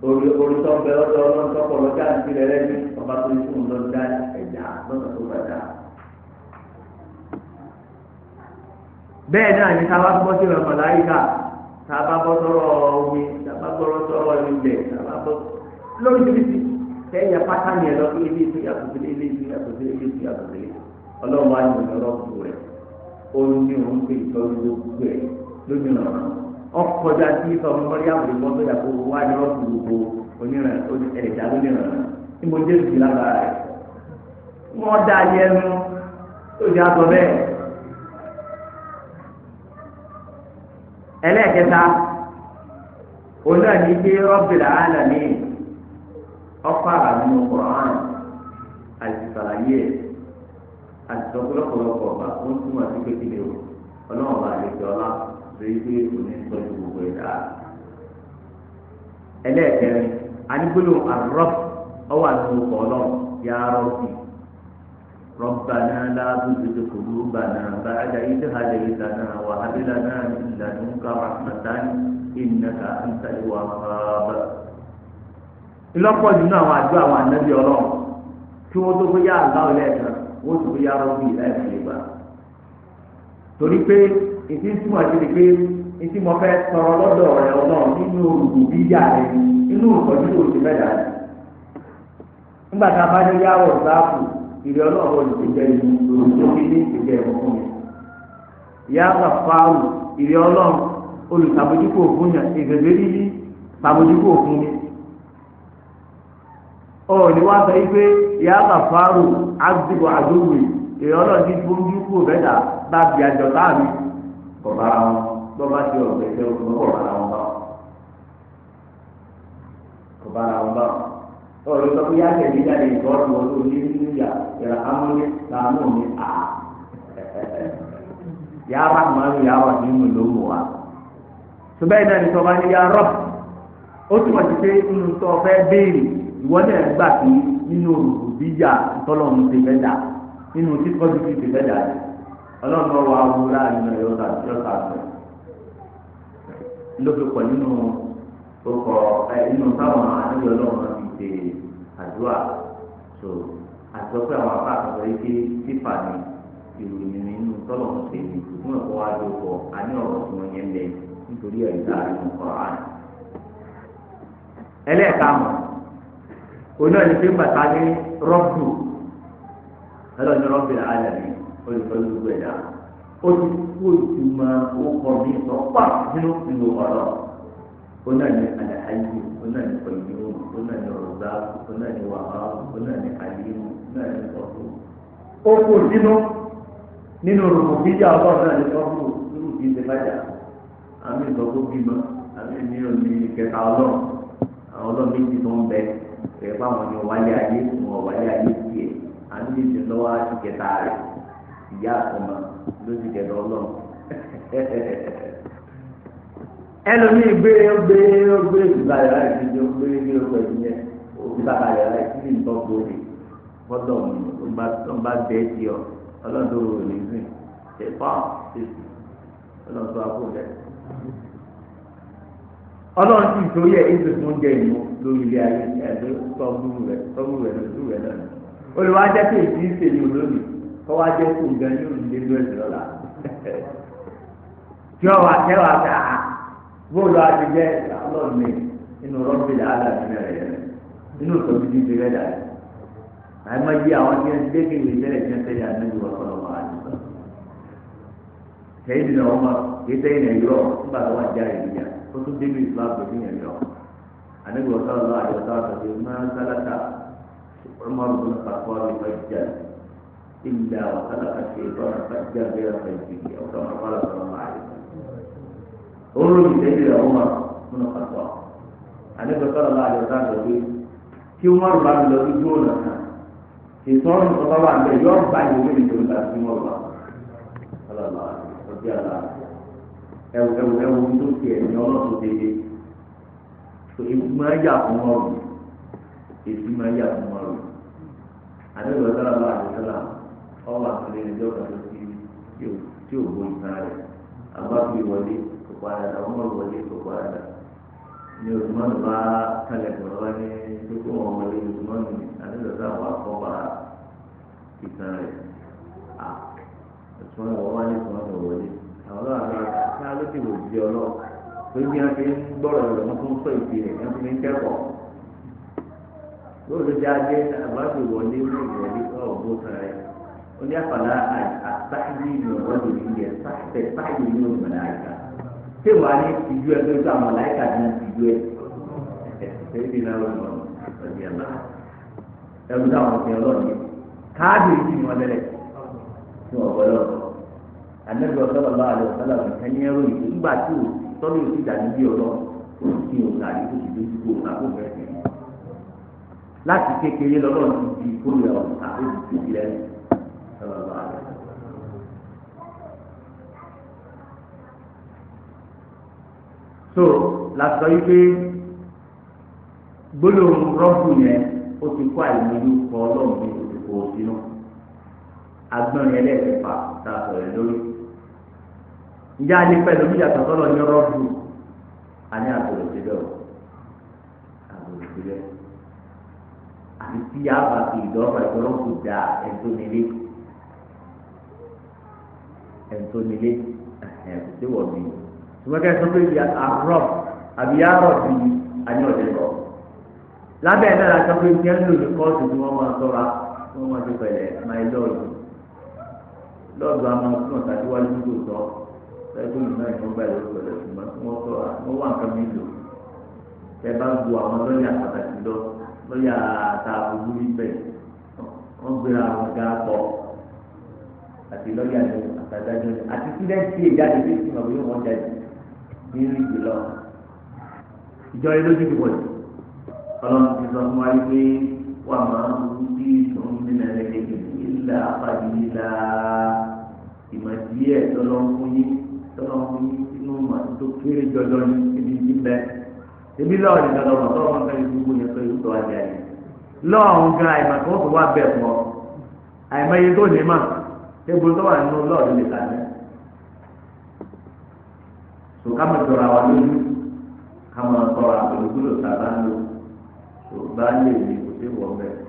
olùtọ́ bẹ lọ́dọ̀ ọlọ́dọ̀ pọ̀lọ́ tí a ń tilẹ̀ lẹ́yìn ọba tó ń fún un lọ́dọ̀ ẹ̀dá lọ́dọ̀ tó bá dá. bẹ́ẹ̀ náà ni tá a bá gbọ́ sí ọ̀rọ̀ màláyíkà tá a bá gbọ́ sọ̀rọ̀ omi tá a bá gbọ́ sọ̀rọ̀ ilẹ̀ tá a bá gbọ́ lóríṣiríṣi kẹ́yìn apáta ni ẹ̀rọ ilé ìlú yàtọ̀sílẹ̀ ilé ìlú yàtọ̀sílẹ̀ ilé ìlú yàtọ̀sílẹ̀ ọlọ́run wá ní ọ̀rọ̀ ọ̀tún rẹ̀ ó ní òun pè ìtọ́jú gbogbo ẹ̀ lójú ọ̀rọ̀ ọkọjá sí ìfọwọ́ mọ́ríyá wòlé bọ́ sọ́jà kó wá ní ọ̀sùn gbogbo oníran ẹ̀dá oníran ní mo jẹ́ ìdílé lára rẹ̀ wọ́n dá ayé ẹnu tó di àtọ̀ bẹ́ẹ̀. ẹlẹ́ẹ̀kẹta òun náà ní pé rọ́bìlà àlàní ọkọ̀ àràmù kọ̀ọ̀án àti sàlàyé àti sọ́kúlọ́kọ̀lọ́kọ̀ ọ̀bà tó ń túmọ̀ sí pé kí ni o ọlọ́run bá lè jọ ọ́ lórí pé òní ń tọ́jú gbogbo ẹ̀dá. ẹlẹ́ẹ̀kẹrin anigbolo arọ́f ọwọ́ àti ọkọ̀ ọlọ́run yá rọ́ọ̀bì ربنا لا تزغ قلوبنا بعد إذ هديتنا وهب لنا من لدنك رحمة إنك أنت الوهاب ìlọ́pọ̀ nínú àwọn àjọ àwọn ànábì ọlọ́run kí wọ́n tó bóyá àgbà ọ̀lẹ́ẹ̀kan wọ́n tó bóyá rọ́bì láì fi lè gbà torí pé ètí ń túmọ̀ sí ni pé ètí mo fẹ́ tọrọ lọ́dọ̀ rẹ ọlọ́run nínú bíyà nínú ìtọ́jú tó ti mẹ́ta nígbà tá a bá ní yàwó ìgbàpù ìrẹ́ ọlọ́run olùdíjẹ́ ni olùdíjẹ́ ní ìpínlẹ̀ ẹ̀kọ́ mi. yàtọ̀ fáwù ìrẹ́ ọlọ́run olùsàbójúkò fún yàn ìgbẹ̀gbẹ́ rírí sàbójúkò fún mi. ọ̀ọ́ni wá sọ yí pé fáwù ọlọ́run ti kọba wọn bọba ti ọgbẹ tẹ o lọ kọba wọn bá kọba wọn bá ọ̀rọ̀ sọ pé yáa tẹ̀lé jáde ìtọ́jú wọn tó ní nínú ìyá yàrá amúlé làánú mi à yàrá màmú yàrá ní mu ló mú wa sọbẹ́yìn náà ní sọ ma ní yàrá ó túmọ̀ sí pé nínú sọ fẹ́ béèrè ìwọ náà gbà pé nínú olùkù bíyà tọ́lọ́mù ti dà nínú títọ́jú ti fẹ́ dà yìí ọlọ́run ọwọ́ awúrá nínú yọta yọta àgbẹ̀ lókè pọ̀ nínú ọkọ̀ ẹ nínú táwọn àdúgbò ọlọ́run ti ṣe àdúrà tó àti ọpẹ́ àwọn apá àkàtọ̀ yìí ké pípà ní ìròyìn nínú tọ́lọ̀ ń ṣe ní ìdúgbò ẹ̀kọ́ wa ló kọ àní ọ̀rọ̀ tí wọ́n yẹn lẹ nítorí ẹ̀dá nínú Kùránì. ẹlẹ́ẹ̀kàmọ̀ oní ọ̀nìfẹ́ gbàtà ní rọ́bù ẹlọ́ni rọ́bù alẹ́ mi olùkọ́ni gbogbo ẹ̀dá ó ti kú ìtumọ̀ ọkọ̀ mi sọ́pà nínú ìlú ọ̀rọ̀ onáni alahayi onáni kọ̀yìnmó onáni ọ̀rọ̀dá onáni wàhá onáni alimu onáni ọ̀rọ̀ ọkọ̀ sínú nínú rògbò bíjà ọlọ́run náà ní sọ́kù nínú kí n ti bájà àmì ìsọ́kù bímọ àmì mìíràn ní kẹta ọlọ́run àwọn ọlọ́run méjì tó ń bẹ kẹfà wọn ni wálé ayé wọn wálé ayé tiẹ̀ àmì ìsìn lọ́wọ́ á ti rẹ̀ ìyá àtọmọ ló ti dẹ̀rọ ọlọ́run. ẹlòmíì gbé gbé gbé ìgbà yàrá ìdíje gbé gbé ọgbà ìdíje òkúta yàrá ìdíje nǹkan gbòòrè fọ́tọ̀ ń bá bẹ́ẹ̀ di ọ ọlọ́run tó rò ní sìn ṣe fáwọn ṣe sùn ọlọ́run tó akó rẹ̀. ọlọ́run sì tó yẹ èso tó ń jẹ ìmú lórí ilé ayé ẹ̀dọ́ tọ́gbù rẹ̀ tọ́gbù rẹ̀ lójú rẹ̀ náà olùwájẹ́ pé ìdí ìṣèlú lónìí tọ́wọ́ ajẹ́ kù gan yóò lé lóyún lọ́la tí wọ́n wá tẹ́ wá ká bóòlù adìjẹ́ lọ́ọ̀mì inú rọ́bì làálà ìbẹ̀rẹ̀ yẹn inú tòbí ti bẹ̀rẹ̀ dà yẹn àyè má yí àwọn tí wọ́n ti dé kéwì tẹ́lẹ̀ tí wọ́n tẹ́lẹ̀ ànábi wọ́n kọ́ lọ́wọ́ àná sẹ́yìn ní ọmọ yìí sẹ́yìn ní ẹ̀yọ́ nígbà tó wà jáde níyà ó tún débi ìfúlá pẹ̀lú ẹ̀yọ́ ànábi wọ́n إلا وخلق الشيطان فجر غير فجره أو كما قال صلى الله عليه وسلم أرد سيدنا عمر بن الخطاب النبي صلى الله عليه وسلم يقول kí wọ́n rà lọ sí jóòlù náà ìtọ́nù tọ́ba wà lẹ yọ ọba ìwé ìdòwò la sí wọn wà ọlọ́lá ọdí àlá ẹwù ẹwù ẹwù tó ti ẹ̀yìn ọlọ́tún dédé èyí máa yà fún ọrùn èyí máa yà fún ọrùn àdébọ̀ sára bá àdébọ̀ sára ọwọ́ àkọlé ẹjọ́ kan tó ti tí ò gbóyè náà rẹ̀ agbábi wọlé kò padà dà ọmọ wọlé kò padà dà ní osùmọ́nù bá kalẹ̀ pọ̀lọ́ wá ní tókò wọn wọlé osùmọ́nù ní adéjọ́sá wà kọ́ bá ìtàn rẹ̀ à osùmọ́nù wọ́n wá ní osùmọ́nù wọlé àwọn ọlọ́run àgbà ká ló ti wò di ọlọ́ torí bí wọ́n fi ń gbọ́rọ̀ rẹ̀ wọ́n tún sọ ìdí rẹ̀ wọ́n fi ń kẹ́kọ̀ọ́ lóòótọ́ jẹ́ ajé àgbábi wọlé wọlé ọ̀gbọ́n rẹ̀ قل أفلا أستحيي من رجل يستحيي من الملائكة ṣé wàá ní ìjú ẹ tó tó àwọn màláíkà ní ìjú ẹ ṣèlédè náà ló ń bọ̀ ọ̀dí ẹ̀ náà ẹ̀rù táwọn ọ̀sẹ̀ ọlọ́ọ̀ni káàdì ìjì ni wọ́n lẹ́lẹ̀ tí wọ́n bọ̀ lọ́wọ́ anabi ọsọlọ bá a lọ sọlọ mi kàn yẹn ròyìn nígbà tí o tọ́lú o ti dà níbi ọlọ o ti o kà ní oṣù tó ti kó o kà kó bẹ̀rẹ̀ sí i láti kékeré lọ́lọ́run ti di ìkórè ọ̀sà ó ti ti di lẹ́nu so lásán yìí pé gbólóhùn rọ́pù yẹn ó ti kó àìmọye kọ ọlọ́run ní òṣèkò sínú agbọ́nrin ẹlẹ́ẹ̀kẹfà tá a sọ̀rọ̀ lórí ǹjẹ́ adé pẹ̀lú bí yàtọ̀ sọ́lọ́ ní rọ́pù àní àtòrò síbẹ̀ o àtòrò síbẹ̀ àti tí a bá fi ìdọ́gba ìdọ́gba dáa ẹ̀ńtó nílé ẹ̀ńtí wọ̀ bí ṣùgbọ́n kẹ́ ẹ sọ pé àrọ̀ àbí àrọ̀ bí ayé ọ̀dẹ lọ. lábẹ́ ẹ̀ náà la sọ pé kí ẹ ń lò ní kóòtù tí wọ́n máa tọ́ra wọ́n máa ti pẹ̀lẹ́ máa ń lọ́ọ̀dù lọ́ọ̀dù àmọ́ fún ọ̀tà tí wọ́n lù tó sọ ẹgbẹ́ ìlú náà ìfún báyìí lọ́sọ̀ rẹ̀ ṣùgbọ́n tọ́ wọ́n wà nǹkan mi lò ẹ bá àwọn lọ́ọ̀yà pàtàkì àti lọ́ọ̀yà lẹ́yìn àtàdájọ́ ni àti sídẹ́ǹtì ìjáde tí ìsìn ọ̀gbìn yóò wọ́n jáde ní rí ìgbè lọ. ìjọ yẹn lójú ti wọ̀nyí ọlọ́run ti sọ fún wa pé wà máa ń mú bí ìsọ̀n nínú ẹ̀rẹ́dẹ̀ ìlà apàdé ìlà ìmọ̀ díẹ̀ tọ́lọ́fún yín tọ́lọ́fún yín sínú màá tó kéré jọjọ ní ibi tí bẹ́ẹ̀. ebi lọ́ọ̀rì lọ́wọ́ tọ́lọ́fún kan ìdúgbò yẹn pé ìwúkọ́ wájà yẹn lọ́ọ̀rùn gan àìmọ̀ tó bẹ̀ fún ọ àìmọ̀ iye tó ní mọ̀ egbò tó wà nínú lọ́ọ̀dù lè tàbí tó ká mọ̀ tọ́ra wa lójú ká mọ̀ tọ́ra pẹ̀lú gbúdọ̀ sábà ń lò tó bá lè ní kò sí wọ̀ bẹ́ẹ̀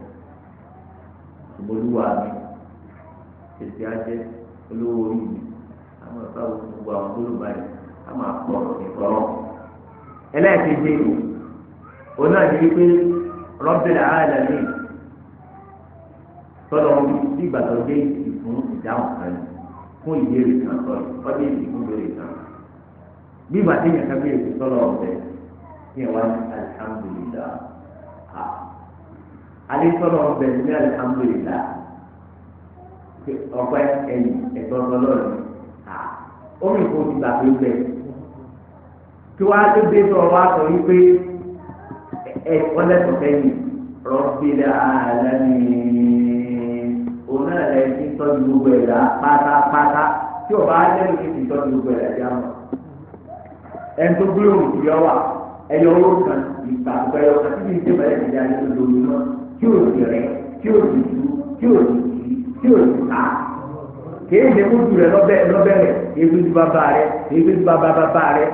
ìbolúwa mi tètè ajẹ́ olówó orí mi àwọn ọ̀tá gbogbo àwọn gbólóba yìí ká máa pọ̀ ìkọ́rọ̀ ẹlẹ́ẹ̀kejì òun náà ní wípé rọ́bìlà áàlà ní tọ́lọ́ bí ìgbà tó dé ìsì fún ìdáhùn kan fún ìbéèrè kan sọ̀rọ̀ ọdún ìsì fún ìbéèrè kan bí ìgbà tí yẹn kábíyè sí tọ́lọ́ ọ̀bẹ ní ẹ̀wá alihamudulilá alẹ́ tọ́lọ́ ọ̀bẹ ní alihamudulilá ọ̀pẹ ẹ̀yìn ẹ̀tọ́ tọ́lọ́ rẹ̀ omi kò ti gbà pé bẹ́ẹ̀ tí wàá tó dé sọ̀rọ̀ wá sọ yí pé ẹ̀ ọlẹ́sọ̀kẹ́yìn rọ́bìlà alẹ́ nìyí òun náà lẹ́yìn tí ń tọ́jú gbogbo ẹ̀dá pátápátá tí ò bá lẹ́yìn tí ń tọ́jú gbogbo ẹ̀dá jẹ́ àmọ́. ẹni tó gbúlò òun ìyọ́ wà ẹyọ owó kan ìgbà àgbà ẹyọ kan tí kì í ṣe bẹ̀rẹ̀ ìdí ayé lórí náà tí ò sì rẹ̀ tí ò sì tú tí ò sì kí tí ò sì ká. kìí ṣe kó jù rẹ lọ́bẹ̀ lọ́bẹ̀ rẹ̀ ebi ju bàbá rẹ̀ ebi ju bàbá bàbá rẹ̀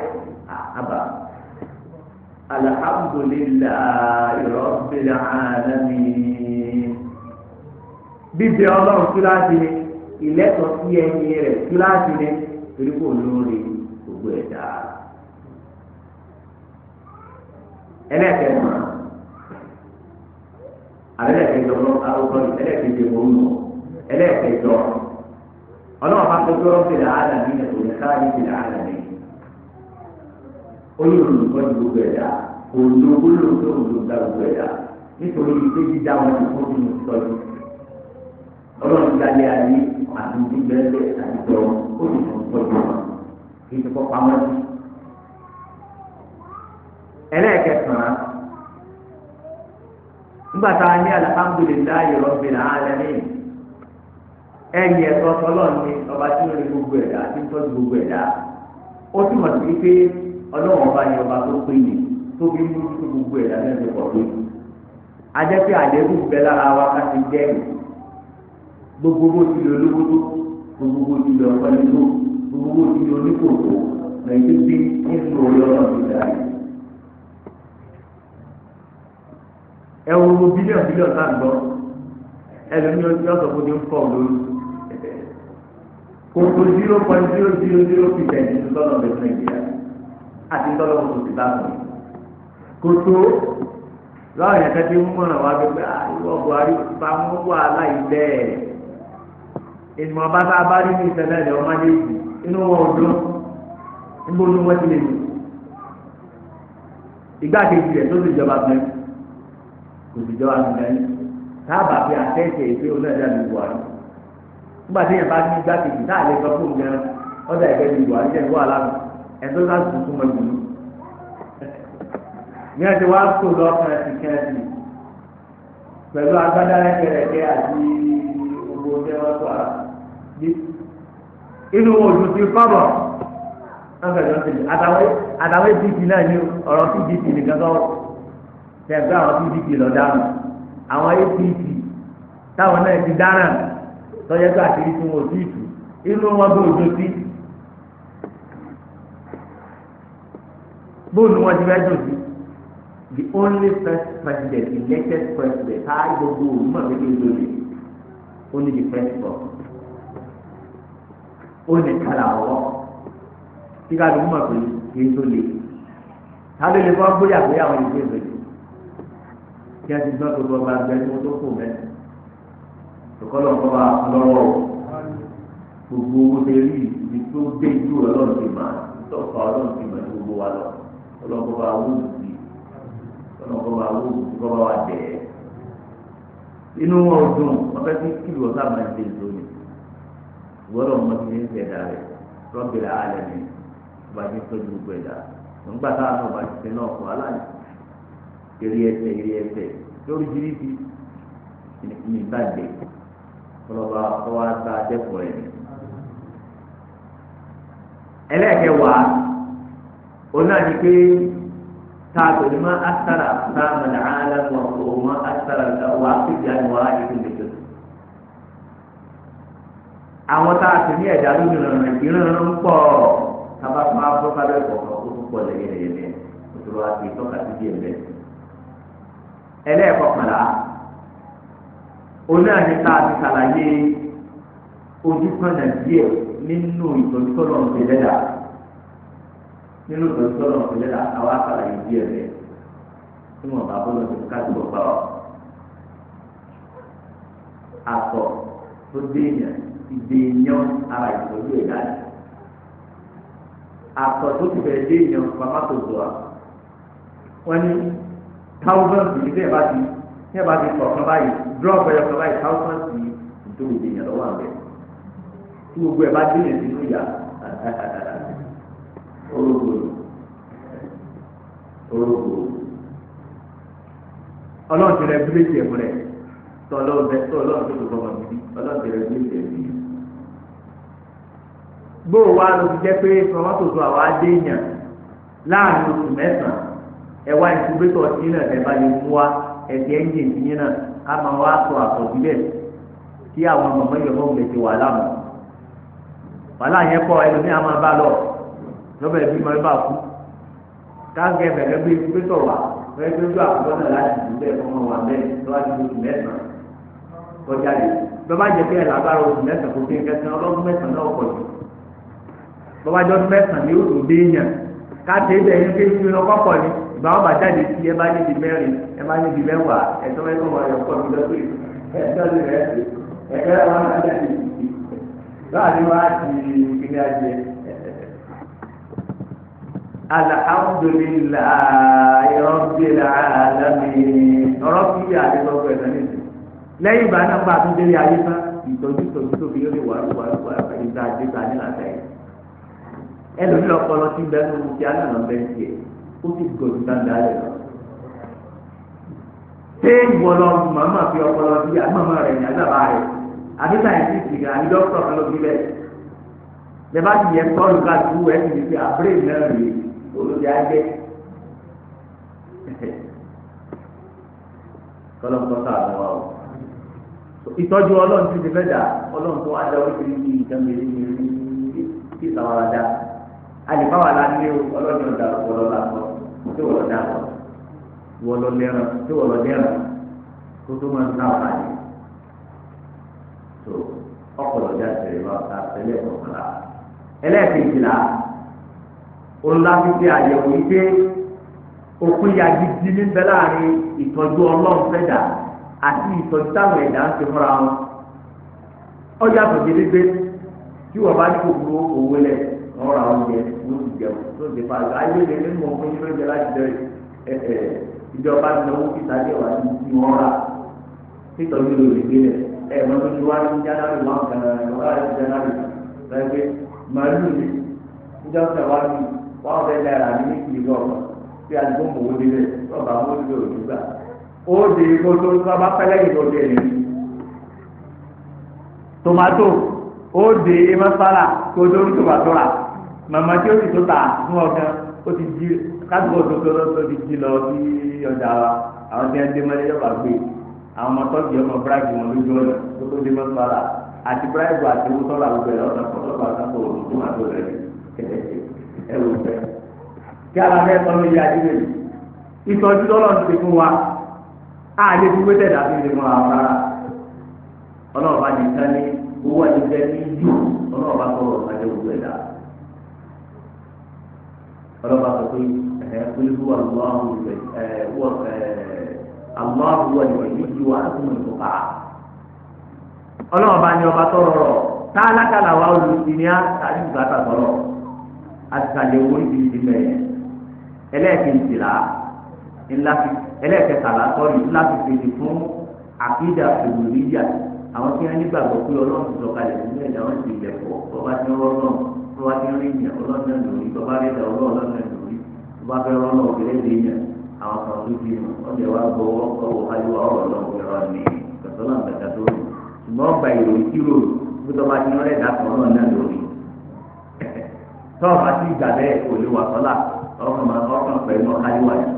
àbá. alhamdulillahi rabbil alamin bíbẹ ọlọ́run kíláàsì ni ìlẹ́tọ̀ sí ẹyin rẹ̀ kíláàsì ni torí kò lóore gbogbo ẹ̀dá. ẹlẹ́kẹ̀ẹ́mà àlẹ́kẹ̀ẹ́jọ arúgbó ẹlẹ́kẹ̀ẹ́jọ ìwòrán ẹlẹ́kẹ̀ẹ́jọ ọlọ́run bá tó gbọ́rọ́ sí làálà ní ẹ̀kọ́ ní káàdì sí làálà ní oyún olùkọ́ ní gbogbo ẹ̀dá òun ló gbólóhùn tó gbogbo ẹ̀dá nítorí pé dídá wọn nínú sọ́dún. ọlọ́run jáde ayé àti ìdígbẹ́lẹ́ àtijọ́ ó sì fún pẹ̀lú kí n kọ́ pamọ́ sí. ẹlẹ́ẹ̀kẹsàn-án nígbà tá a ní alhamdulillahi rabbil alamin ẹ̀yìn ẹ̀tọ́ tọ́lọ́run ni ọba tí lè gbogbo ẹ̀dá àti gbogbo ẹ̀dá ó túmọ̀ sí pé ọlọ́run ọba ọba tó tó fi gbogbo ẹ̀dá lẹ́nu pé lára gbogbo ti lọ na gbogbo bó ti lọ gbogbo bó ti oníkòkò nàìjíríà bí nínú orí ọ̀nà ti yìí. ẹ bílíọ̀nù bílíọ̀nù náà gbọ́ ẹ ọjọ́ ní lórí kòkò zero point zero zero zero percent ìgbìmọ̀ bá bá bá nínú ìṣẹ̀lẹ̀ rẹ̀ ọmọdé yìí inú wọn ò dún níbo ni wọ́n ti lè lò igbákejì rẹ̀ tó ti jọba bẹ́ẹ̀ kò sì jọba bẹ́ẹ̀ sábà fi àtẹ́tẹ̀ pé onájà lè wà nígbà tí yẹn bá ní igbákejì náà lè sọ fún un gan ọ̀dà ẹ̀fẹ́ náà sì ìlú. ní ẹ̀sìn inú oṣù ti kọ́bọ̀ ọ̀gbẹ̀dọ̀ tẹ̀lé àtàwé àtàwé pdp náà ní ọ̀rọ̀ pdp nìkan tó tẹ̀gbẹ́ àwọn apc táwọn náà ti dára tọ́jọ́ tó àṣírí tí wọn ò tíì tù inú wọn bí oṣù ti wọn ti the only first president elected president ká gbogbo òun mọ̀ pé only the first president. ó nìkan làwọ̀ kí ká ló mọ̀ pé kí n tó le tábí lè fọ́ gbóyà gbóyà wọn ìgbé ìwé kí ẹ ti gbọ́ tó gbọ́ gbàgbé tó tó kù mẹ́ tòkọ́lọ́ nǹkan bá lọ́wọ́ gbogbo owó tẹ rí ibi tó dé ìlú ọlọ́run ti mà tó fa ọlọ́run ti mà ní gbogbo wa lọ ọlọ́run bá wù ú sí ọlọ́run bá wù ú sí kọ́ bá wà dẹ̀ inú wọn ò dùn wọn fẹ́ kí kìlú ọ̀sán máa ń dé gbọ́dọ̀ mọ ti ń ṣẹ̀dá rẹ̀ Rabbil alamin bá ti tó ju gbogbo ẹ̀dá nígbà tá a náà bá ti ṣe náà fún aláàlú eré ẹsẹ̀ eré ẹsẹ̀ lórí ní kọlọ́ba dẹ́kun sára sáà sára lọ́wọ́ àti ìyá àwọn tá a sì ní ẹ̀dá lójú ìrànà ìgbìrán ń pọ̀ tábà fún afọ́kálẹ̀ kọ̀ọ̀kan ó tún pọ̀ lẹ́yẹlẹ́yẹlẹ́ òṣèlú àti ìtọ́ka sí díẹ̀ bẹ́ẹ̀. ẹlẹ́ẹ̀kọkànlá oní àti tá a ti ṣàlàyé ojúkànnà díẹ̀ nínú ìtọ́jú tọ́lọ̀ ń fi lẹ́dà nínú ìtọ́jú tọ́lọ̀ ń fi lẹ́dà àwa ṣàlàyé díẹ̀ bẹ́ẹ̀ tí wọn bá bọ́ lọ́sọ̀tún káàdì gbọ́ pa ọ́ àtọ̀ tó dé èèyàn ìdènyàn ara ìtọ́jú ẹ̀dá ni àtọ̀ tó ti bẹ̀rẹ̀ déèyàn pamọ́ tó zọ̀ à wọ́n ní thousand bìí bẹ́ẹ̀ bá ti bẹ́ẹ̀ bá ti báyìí drop ẹ̀yọ̀ kan báyìí thousand bìí tó ìdènyàn lọ́wọ́ àbẹ̀ tí gbogbo ẹ̀ bá déèyàn sínú ìyá ọlọ́run ti rẹ̀ bíléèdì ẹ̀ múlẹ̀ tọ́ ọlọ́run gbóò wá ló fi jẹ́ pé tòmátòtò àwọn adéèyàn láàrin oṣù mẹ́sàn-án ẹ̀wá ìtúgbẹ́tọ̀ sí náà ẹ̀ bá lè mú wa ẹ̀sìn ẹ̀ńjìn ìdíyẹn náà ká máa wá sọ àtọ̀bílẹ̀ kí àwọn mọ̀mọ́ ìyọ̀mọ́ òun lè ti wà láàmú. wàhálà yẹn pọ̀ ẹlòmíà máa bá lọ lọ́bẹ̀ bí mo bá kú káàkiri ẹ̀fẹ̀ lẹ́gbẹ́ ìtúgbẹ́tọ̀ wà fẹ́ẹ́ tó gbà àkùkọ náà láti ìdílé ọmọ wa bẹ́ẹ̀ lọ́wọ́ oṣù mẹ́sàn-án kọjá lè lọ́ba jẹ́ pé ẹ̀ lágbára oṣù mẹ́sàn-án kò fi nǹkan kan ọlọ́dún mẹ́sàn-án náà pọ̀ jù bọ́bájọ́ mẹ́sàn-án ni ó tó dé yàn káàtì ẹ̀jẹ̀ yín pé kí ọkọ̀ pọ̀ ni ìgbà wọn bá jáde sí ẹ bá níbi mẹ́rin ẹ bá níbi mẹ́wàá ẹ̀tọ́ mẹ́tọ́ wọn yọ pọ̀ nígbà pé ẹ̀tọ́ lè rẹ̀ ẹ̀kẹ́ wọn bá jáde sí láàrin wa ti kíní ajẹ. alhamdulillahi rabbil alamin ọ̀rọ̀ kí yà á lọ pẹ̀lú ẹ̀sán nìyí lẹ́yìn ìgbà náà bá a tún délé ayé tán ìtọ́jú ìtọ́jú tóbi yóò lè wà wà wà ìdájẹ́ ní làtẹ̀yìn ẹlòmí ọpọlọ ti bẹ ní ojú alẹ́ náà bẹ́ẹ̀ tiẹ̀ ó ti gòkè sáńdà rẹ̀ lọ. ṣé ìwọlọ màmá fi ọpọlọ bí àmàmà rẹ̀ ní àgbàbà rẹ̀ àbí sáyẹ́ntìsì rẹ̀ àbí dókítà kan ló fi bẹ́ẹ̀. bẹ́ẹ̀ bá ti yẹ tọ́lù ká tú ẹ̀ ti di pé àbúrò náà rèé olóde ajẹ́. kọ́lọ́ ń tọ́ta àwọn wa o ìtọ́jú ọlọ́run ti ti fẹ́ dà ọlọ́run tó wá dá oríṣiríṣi nǹkan mèremère kí ìtàwọn adá alìbáwá la ní o ọlọ́dún ọ̀dà wọlọ́ la sọ tí wọlọ́ dà sọ wọlọ́ lẹ́ràn tí wọlọ́ lẹ́ràn kó tó máa ń sá ọ̀la yìí tó ọkọ̀lọ́ dà sẹ̀rẹ̀ wá ká tẹ́lẹ̀ ọ̀kọ̀lá ẹlẹ́ẹ̀kejì la olùlàfíìsì àyẹ̀wò yìí pé òpin yagi di níbẹ̀ láàrin ìtọ́jú ọlọ́run fẹ́dà àti ìtọ́jú táwọn ẹ̀dá ń ṣe fúnra wọn ọjà tó ti rí gbé tí wọ́n bá ní gbogbo òwe lẹ̀ wọn ra oúnjẹ wọn ti jẹun tó ti fa àgbà ayé lè ní mọ fún yín lóúnjẹ láti dẹrẹ ẹ ẹ ìjọba náwó kíta dé wà ní ti wọn rà títọ́jú lórí ìgbélé ẹ ẹ mọ́tò ti wá ní jánárì wọn kan wọn rà ní jánárì lẹ́gbẹ́ màálù ni níjọ́ sẹ́ wá ní wọn fẹ́ náírà ní ní ìlú tí a dùn mọ̀ wọlé lẹ̀ lọ́ba wọn lè lò ó di kó tó bá pẹ́lẹ́ yìí ó di mọ́sálà tó ní tomato rà màmá tí ó sì tó tà fún ọgán ó ti di lásìkò tó tó tó ti di lọ sí ọjà wa àwọn tí wọn dé mọ́lẹ́ yọ̀bà gbé àwọn ọmọ tọ́jú ọmọ bíráàgì wọn lójú ọ̀nà tó tó dé mọ́tò ara àti bíráàgì àti owó tọ́lá gbogbo ẹ̀ ọ̀nà kọ́ lọ́ba àtàkọ́ òòlù tó máa tó rẹ̀ ẹ̀ wò fẹ́. kí alamẹ́ sọ ló yẹ adílé yìí ìtọ́jú tọ́lọ́ ti fún wa á lè fi wé tẹ̀dá fi lè mọ àwọn ará ọlọ́ọ̀bá nìkan ní owó ọlọ́ba sọ pé ẹ̀ kúlú aláwọ̀ aláwọ̀ ìwọ̀nyí ju àtúmọ̀ ìfọ̀pá. ọlọ́ba ni ọba tọrọ rọ tá a lákàlà wa olùsí ni a tàbí bùkátà tọrọ àtàlẹ̀ owó ìdílé mẹ́rin ẹlẹ́ẹ̀kejì la ńlá fi ẹlẹ́ẹ̀kẹtàlá sọ́ọ̀rì ńlá fi fèsì fún àkídà òwúrìyà àwọn tí wọ́n nígbàgbọ́ pé ọlọ́run ti sọ̀kalẹ̀ nínú ẹ̀dá wọn ti lẹ̀ pọ̀ ọba tí wọ́n rọ́ náà tó wá ti rí yẹn ọlọ́dẹ lórí tó bá rí ìdá ọlọ́dẹ lórí tó bá fẹ́ rọ́nà òkèlè lè yẹn àwọn kan tó bí wọn wọ́n lè wá gbọ́ ọwọ́ ayé wa ọ̀rọ̀ lọ́wọ́ ẹ̀rọ ni kẹsàn-án náà bẹ̀ka tó rí ṣùgbọ́n ọgbà ìròyìn kílò tó tó bá ti rí ìdá kan ọlọ́dẹ lórí tó o bá ti gbà bẹ́ẹ̀ kò lè wà sọ́là ọkàn pẹ̀lú ayé wa yẹn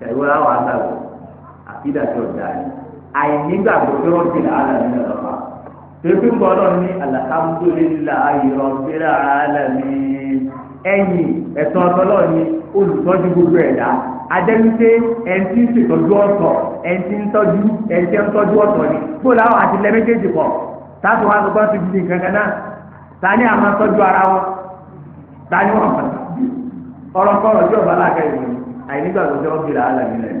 tẹ̀wé àwọn àtàwọ̀ àkídà tí ò dáa ni àìnígbàgbọ́ tí wọ́n ti là á nínú ọ̀pá tẹ̀wé ń bọ̀ náà ní alhamdulillahi rabbil alamin ẹ̀yìn ẹ̀sán ọ̀tọ́lọ́ ni olùtọ́jú gbogbo ẹ̀dá adẹ́wíṣe ẹ̀ǹtí ń ṣètọ́jú ọ̀tọ̀ ẹ̀ǹtí ń tọ́jú ẹ̀ǹtí ń tọ́jú ọ̀tọ̀ ni gbọ́dọ̀ àwọn àtìlẹ́ méjèèjì pọ̀ táàbù wa gbọ́dọ̀ ti di nǹkan kan náà tani àwọn tọ́jú ara wọn tani wọn ọ̀rọ̀ kọ́rọ̀ tí ọ̀bá làkẹ́ ìlú àìnígbàgbọ́ tí wọ́n fi làálà nílẹ̀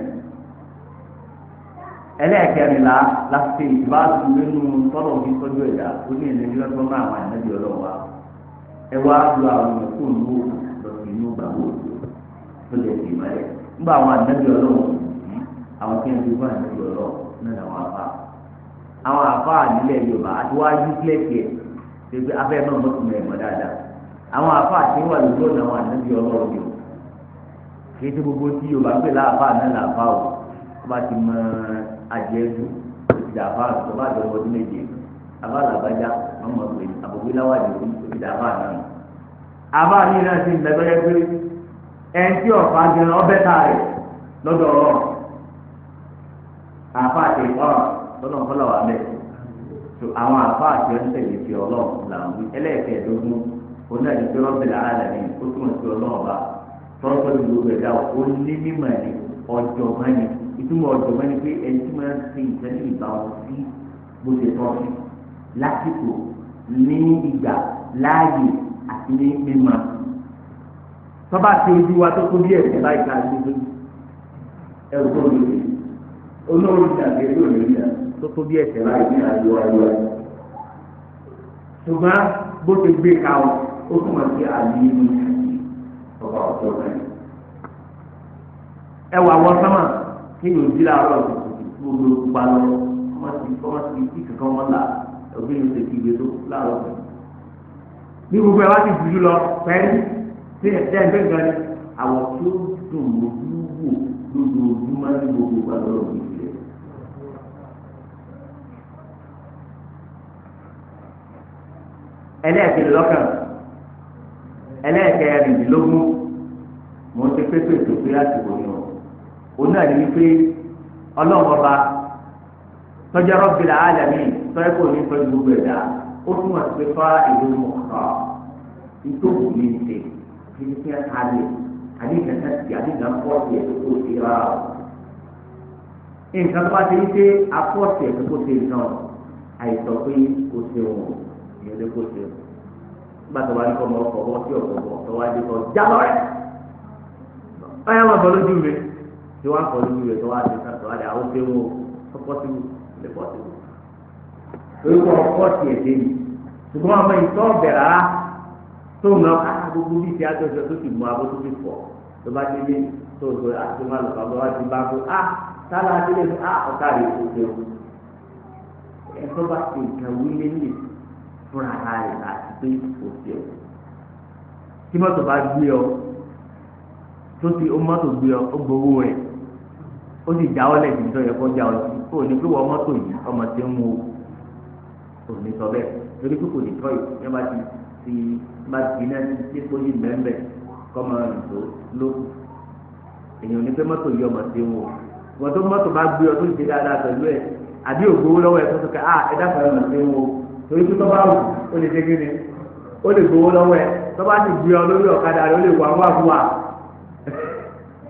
ẹlẹ́ẹ̀kẹrìnlá la fi ìbáàtú nínú tọ́lọ̀ fi tọ́jú ẹ̀dá ó ní ẹ̀lẹ́ ní lọ́tọ́ máa wà níbi ọ̀rọ̀ ẹ wá lu àwọn inú tó lè fi máa yẹ nígbà àwọn àwọn kí n náà làwọn afá àwọn afá nílẹ̀ Yorùbá àti wá yí kílẹ̀kì ẹ̀ ṣe pé náà mẹ́rin mọ́ kì í ṣe gbogbo tí yorùbá ń pè láàbà náà làbà o wọ́n bá ti mọ àjẹdù ìdàbà ìjọba àjọyọ̀ ọdún méje àbá làbájá wọ́n mọ̀ pé àbòbí láwàjọ ìdàbà náà àbá mi náà ti gbẹgbẹ́rẹ́ pé ẹni tí ọ̀fà gan ọbẹ̀ ta rẹ̀ lọ́dọ̀ ọ̀rọ̀ àbá àti ìfọ̀rọ̀ lọ́dọ̀ ọ̀fọ̀lọ̀ wà mẹ́ tó àwọn àbá àti ọ̀ńtẹ̀lẹ̀ fi ọlọ́ọ̀ làwọn ẹlẹ́ẹ̀kẹ́ẹ̀dógún onáyẹ̀dẹ́rọ́bẹ̀lẹ̀ alẹ́ ní ó túmọ̀ sí ọlọ́ọ̀ba tọ́lọ́pọ̀ ló ló bẹ̀rẹ̀ dáwọ̀ ó ní mímọ̀ ni ọ̀jọ̀gbọ́n ni ìtumọ̀ ọ̀jọ̀gbọ́n ni pé ẹni tí máa ń ṣe ìfẹ́ ní ìbáwọ̀ sí bó ṣe tọ́ sí lásìkò ní ìgbà láàyè àti ní mímọ̀ tọ́ba ti ojú wa tó kó bí ẹ̀sìn báyìí ká lójú ẹ̀rù tó lójú olórí ìdàgbé yóò lè rí tó tó bí ẹ̀sìn báyìí ní àjọ ayọ̀ ṣùgbọ́n bó ṣe gbé e ka ọ ó túmọ̀ sí àlè yìí ọ̀pọ̀ ọ̀pọ̀ rẹ̀. ẹ wà wọ sọ́mà kí ni òjì làárọ̀ tó gbogbo pa lọ ọmọ ti ọmọ ti kí kankan wọn là òbí mi ti kí ibi tó láàárọ̀ tó. bí gbogbo ẹ wá ti dùdú lọ pẹ́ẹ́lí tí ẹ jẹ́ ẹgbẹ́ ni àwọ̀ tó dùn lójú wò lójoojúmọ́ ní gbogbo pàdé ọ̀gbìn ìlẹ̀. ẹlẹ́ẹ̀kejì lọ́kàn ẹlẹ́ẹ̀kẹrìndínlógún mo ti pépè tó pé àsìkò ni o òun náà ní wípé ọlọ́run ọba tọ́jà rọ́bì là áyà mí tọ́jà kò ní tọ́jú gbogbo ẹ̀dá ó túmọ̀ sí pé fá ìlú mọ̀ọ́ ìtòkù ní ìṣe kí ní kí á ká lè àbí ìkẹta sí àbí ìgbà pọ́ọ̀sì ẹ̀ tó kó o ṣe rárá o nǹkan bá ti ní pé apọ́ọ̀sì ẹ̀ tó ṣe náà àìsàn pé kò ṣe òun ìyẹn lè kó o ṣe òun gbàtọ̀ wá ní kọ́ ọkọ̀ ọwọ́ ọyá máa bọ̀ lójú mi tí wàá kọ lójú rẹ̀ tó wá ti sàn tó wá di àwọn ọ̀sẹ̀ wọn ó pọ́sí wù lè pọ́sí wù. torí wọn kọ́ sí ẹ̀dẹ́ yìí ṣùgbọ́n àwọn ìtọ́ bẹ̀rẹ̀ á tó ń lọ káyà gbogbo bíi ti àjọṣe tó ti mú abó tó ti fọ̀ tó bá ti dé tó tó àti má lọ bàbá wa ti bá kó a sálá délé a ọ̀tá rẹ̀ kò jẹ́ o. ẹ̀tọ́ bá ti nǹkan wílé ní fúnra rẹ̀ àti tó ti ó mọ́tò gbé ọ ó gbowó rẹ̀ ó sì jáwọ́ lẹ́sìn tó yẹ kó jáwọ́ sí kó o ní pé wọ́n mọ́tò yìí ọmọ ti ń wo kò ní sọ bẹ́ẹ̀ torí pé kò ní tọ́ yìí yẹn bá ti ti bá ti iná tí kò yí bẹ́ẹ̀ kọ́ mọ ìtò lókù èèyàn ní pé mọ́tò yìí ọmọ ti ń wo wọ́n tó mọ́tò bá gbé ọ tó ti dáadáa pẹ̀lú ẹ̀ àbí ògbówó lọ́wọ́ ẹ̀ tó ah, tó kẹ́ à ẹ dákọ̀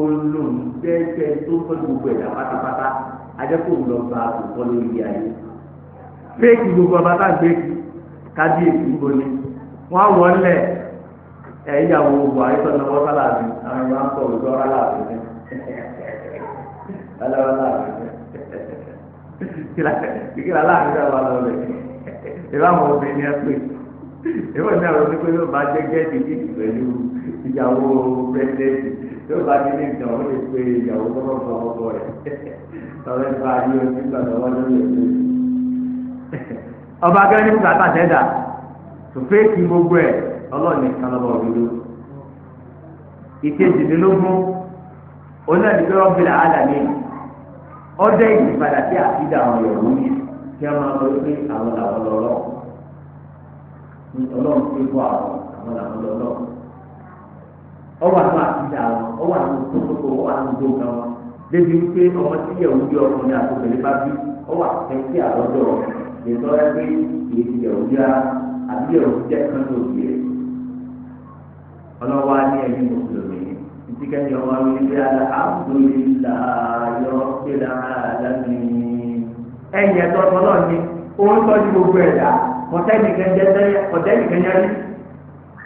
olùdẹ́gbẹ́ tó fẹ́ gbogbo ẹ̀dá pátápátá adẹ́kùn lọ bá àtòkọ́ lórí ayé fẹ́ẹ̀kì gbogbo abátá gbẹ́kì kábíyèsí ń boni wọ́n á ìyàwó buhari tó náwó sálàbí àwọn ìwà ń sọ òjò ọ̀rá láàbí ní alára láàbí ní kíkìlá láàbí náà wà lọ́lẹ̀ ìbámu obìnrin ẹ pè é. ìwọ ní àwọn onípe yóò bá jẹ gẹẹti yìí pẹ̀lú ìyàwó pẹlẹtì yóò bá ní ní ìtàn ó lè pe ìyàwó tọrọ fún ọkọ rẹ tọrọ nípa ayé ojú ìgbàgbọ́ wọn lórí ẹgbẹ́. ọba akẹ́rẹ́ nípa àtàtẹ́dà tòféèkì gbogbo ẹ̀ ọlọ́ọ̀ni kanọba òdodo. ìkejìlélógún onídàájọ́ ọ̀bìnrin àádàmì ọdẹ ìgbìpadà sí àfihàn àwọn Yorùbá kí wọ́n máa lọ sí àwọn làwọn lọ́wọ́ ọlọ́run pé kó àwọn àwọn làwọn lọ lọ. ọwọ́ àwọn àtijọ́ àwọn ọwọ́ àwọn òkòtò ọwọ́ àwọn òdòǹkà wọn débi wípé ọmọ tí yẹ̀ wúdi ọkùnrin àtòkèlè bá bí ọwọ́ àtẹ̀sí àlọ́dọ̀ lè tọ́ ẹ pé èyí ti yẹ̀ wúdi àbí yẹ̀ wúdi jẹ́ kan tó bì rẹ̀. ọlọ́wọ́ á ní ẹ̀yìn mùsùlùmí ti kẹ́ni ọmọ mi bí alhamdulilayi ọ̀pẹ̀lá alámi. ẹ̀yìn ẹ̀tọ́ ọ̀tọ̀ náà ni ó ń tọ́jú gbogbo kọtẹ́nìkan jẹ́ tẹ́lẹ̀ kọtẹ́nìkan yá rí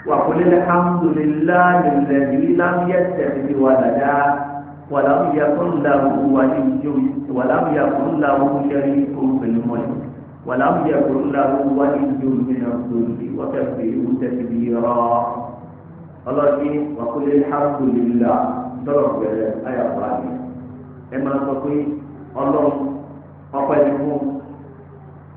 wà kó lélẹ̀ hàmdùlélá lélẹ̀ yìí lámúyẹ tẹ̀lé wà dàda wà lámúyẹ fún làwù wà ní ìjọ wà lámúyẹ fún làwù yẹrí fún pẹ̀lú mọ́lẹ̀ wà lámúyẹ fún làwù wà ní ìjọ mìíràn tóbi wà kẹfẹ́ ìwú tẹ̀lé bí rọ. ọlọ́ọ̀ni wà kó lélẹ̀ hàmdùlélá dọ́rọ̀ bẹ̀rẹ̀ ayàwó àná ẹ máa sọ pé fún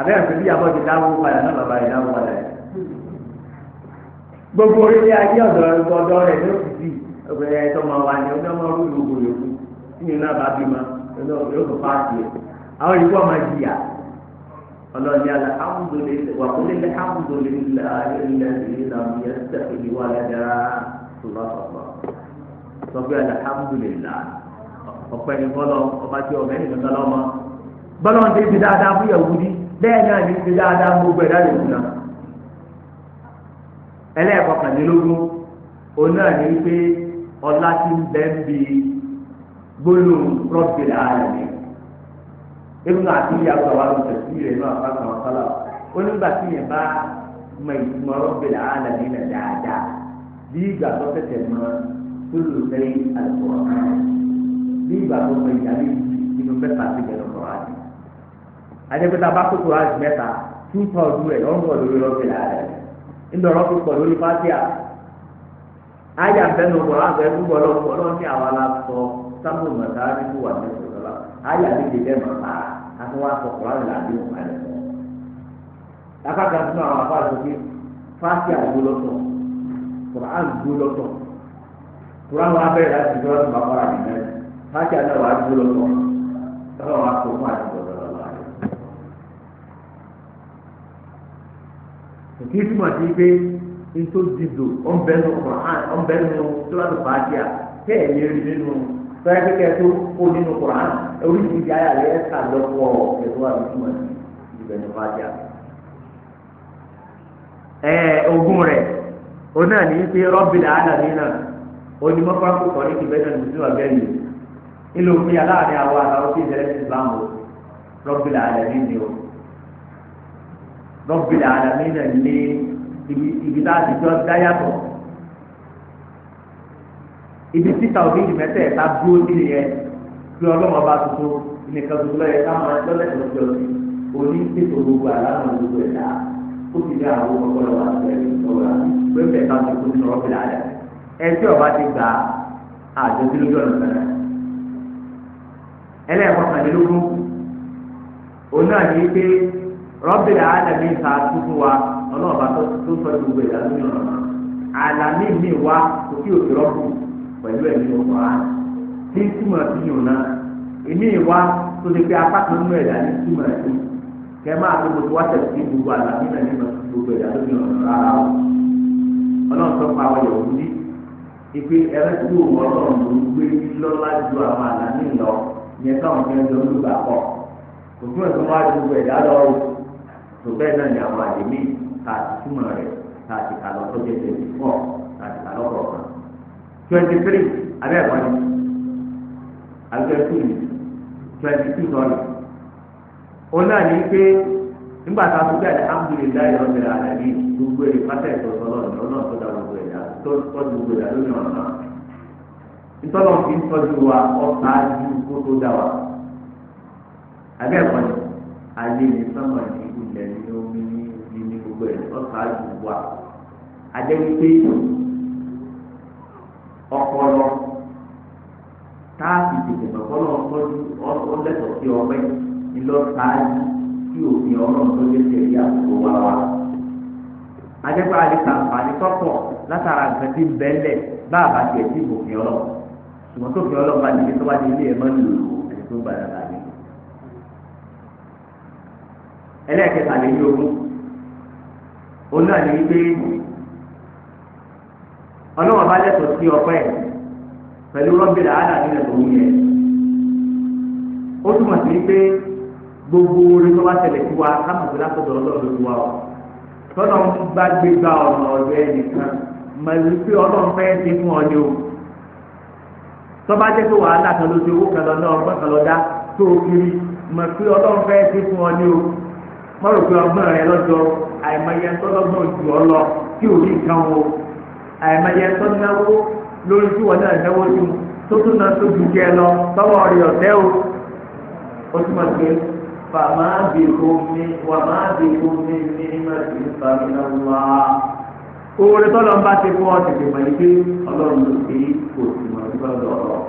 àbẹ́ àti bí abọ́ ti dáwó padà náà bàbá rẹ̀ dáwó padà yìí. gbogbo orílẹ̀ ayé ọ̀dọ́ ọ̀dọ́ rẹ̀ ló ti di ọ̀gbẹ̀rẹ̀ ẹ̀tọ́ máa wà ní ọjọ́ máa rúlù ògbò yòókù nínú náà bá bí ma yóò tó páàkì ẹ̀. àwọn ìlú ọmọ jìyà ọlọ́ọ̀ni àlà wàkúlélẹ̀ hàmùdòlélẹ̀ àlẹ́lẹ́lẹ́ ọ̀pẹ́ ni bọ́lọ́ ọba tí ọ̀mẹ́rin lọ́mọ bọ́lọ́ ń tẹ́bi dáadáa fún yahudi bẹ́ẹ̀ náà ní ti dáadáa gbogbo ẹ̀dá lè wùnà ẹlẹ́ẹ̀kọkànlélógún òun náà ní pé ọlá ti ń bẹ́ ń bi gbólóhùn rọ́bìlì ààrẹ ebùnà àti ìyàwó àwọn àlùfẹ́ sí rẹ̀ náà fáwọn àwọn sálà onígbà tí yẹn bá mọ ìtumọ̀ rọ́bìlì ààrẹ nínú dáadáa bí ìgbà tó tẹ̀tẹ̀ mọ tóòlù sẹ́yìn àlùkò ọ̀hán bí ìgbà tó mọ ìdálé nínú mẹ́ta ti adébẹ́tà bá kókò láti mẹ́ta tún tọ́ ọdún rẹ̀ lọ́rùn pọ̀ lórí rọ́bì láàrẹ̀ ńlọ rọ́bì pọ̀ lórí fásíà ayé àbẹ́nu ọ̀pọ̀ láti ẹ̀kú bọ̀ lọ́pọ̀ lọ́ní àwa la sọ sábò mọ̀tà nínú wà ní ìṣòro la ayé àbẹ́jẹ bẹ́ẹ̀ mọ̀ pa àti wọ́n aṣọ kọ̀ láti làbí wọn kalẹ̀ sọ. akaka fún àwọn afọ àtúnṣe fásíà gbólọ́tọ̀ kùrán gbólọ́tọ̀ kùrán wa bẹ̀rẹ̀ láti ìjọba tó bá kọ́ra nìyẹn fásíà náà wà gbólọ́tọ̀ kì í túmọ̀ sí pé ètò dìdò ọ̀nbẹ́nu kùrán ọ̀nbẹ́nu tíwájú fàájìá tẹ́ ẹ̀ lè rí nínú sọ́yà kékeré tó kó nínú kùrán oríṣiríṣi ayà lè ẹ̀ka lọ́pọ̀ ẹ̀rọ àbí túmọ̀ sí ìbẹ̀nu fàájìá. ẹ ogún rẹ oní àní pé rọ́bì làálà nínà onímọ̀pá kòkò ní kìbẹ́tà ní ìdúrà bẹ́ẹ̀ yìí ńlọ fún yàrá àárín àwọn àtàwọn tí ìdẹ́rẹ́ ti bá wọn rọ́bì làálà nínà Rabbil alamin náà lé ibi tá a ti jọ dáyàtọ̀ ibi títà òbí ìdí mẹ́tẹ̀ẹ̀ta dúró sí yẹn pé ọlọ́mọ bá tuntun nìkan tuntun lọ́yẹ káwọn ẹjọ́ lẹ́sọ̀ọ́ jọ sí oní tètò gbogbo àlànà gbogbo ẹ̀dá ó ti dé àwọn ọpọlọ wa ṣe ìṣọra pé bẹ́ẹ̀ ká ti kún ní Rabbil alamin ẹjọ́ ọba ti gbà àjọ tí lójú ọ̀nà kan náà ẹlẹ́ẹ̀kọ́ kàdínlógún òun náà ní pé. rọ́bì alàmì ta tuntun wa ọlọ́ọ̀bá tó tó fẹ́ gbogbo ìyá lóyún ọ̀nà alàmì mi wá òkè òkè rọ́bù pẹ̀lú ẹ̀mí ọkọ̀ á tí túmọ̀ sí yòó náà èmi ìwá tó lè pe apá kan nínú ẹ̀dá ní túmọ̀ máa tó gbogbo wá gbogbo náà gbogbo ìyá lóyún rárá o ọlọ́run tó pa tó bẹ́ẹ̀ náà ni àwọn àyè ta túmọ̀ rẹ̀ ta ti kà lọ tó tẹ̀lé ti pọ̀ ta ti kà lọ́kọ̀ kan twenty three abẹ́ ẹ̀kọ́ ni abẹ́ two ni twenty two sọ́ọ̀lì òun náà ní pé nígbà tá a tó bẹ́ẹ̀ alhamdulilayi ọ̀sẹ̀ àlàyé gbogbo èrè pátá ẹ̀tọ́ sọlọ́ọ̀nù ọlọ́run tó dá gbogbo ẹ̀dá tó tọ́jú gbogbo ẹ̀dá ọ̀nà wa ọ̀sán ju kó tó dá wa ẹ̀kọ́ ilẹ̀ nínú omi ní ní gbogbo ẹ̀ ọ̀sán àjù wà àjẹbí pé ọpọlọ táàbì tètè lọ́pọ̀lọ́ tọ́jú ọlẹ́tọ̀ọ́ sí ọpẹ́ ńlọ́sáájú tí òfin ọlọ́run tó lé tẹ̀lé àbúrò wa wa. àjẹpá àdìsá àǹfààní tọ́pọ̀ látara nǹkan tí ń bẹ́lẹ̀ bá àbàtì ẹ̀ sí òfin ọlọ́run ṣùgbọ́n tó fi ọlọ́run bá nílé tó bá nílé ẹ̀ mọ́ nílò ẹ̀ tó gbàdàgbà ní ẹlẹ́ẹ̀kẹta lè ní ogún òun náà ní wípé ọlọ́wọ́n bá lẹ́tọ̀ọ́ sí ọpẹ́ pẹ̀lú rọ́bìlà ádà nílẹ̀ tó yẹ ó túmọ̀ sí pé gbogbo orin tó bá tẹ̀lé sí wa ọlọ́run ló wá tọ́nà ń ọ̀nà ẹnìkan ọlọ́run fẹ́ ti fún ọ ní o tọ́ba jẹ́ pé wàhálà kan ló ti owó kan lọ náà ọgbọ́n kan lọ dá tó o kiri pé ọlọ́run fẹ́ ti fún ọ ní o. mọ̀rọ̀ pé ọgbọ́n rẹ lọ́dọ̀ àìmọye tọ́lọ́gbọ́n jù ọ lọ tí ò ní nǹkan o àìmọye tọ́náwó lórí tí wọ́n náà náwó ju tó tún náà tó ju kẹ lọ tọ́wọ́ rẹ ọ̀tẹ́ o ó túmọ̀ pé fàmà bí omi wàmà bí omi ní màsí fàmìlà wá oore tọ́lọ̀ ń bá ti fún ọ tètè mọ̀ pé ọlọ́run ló pé kò sì mọ̀ nípa lọ́rọ̀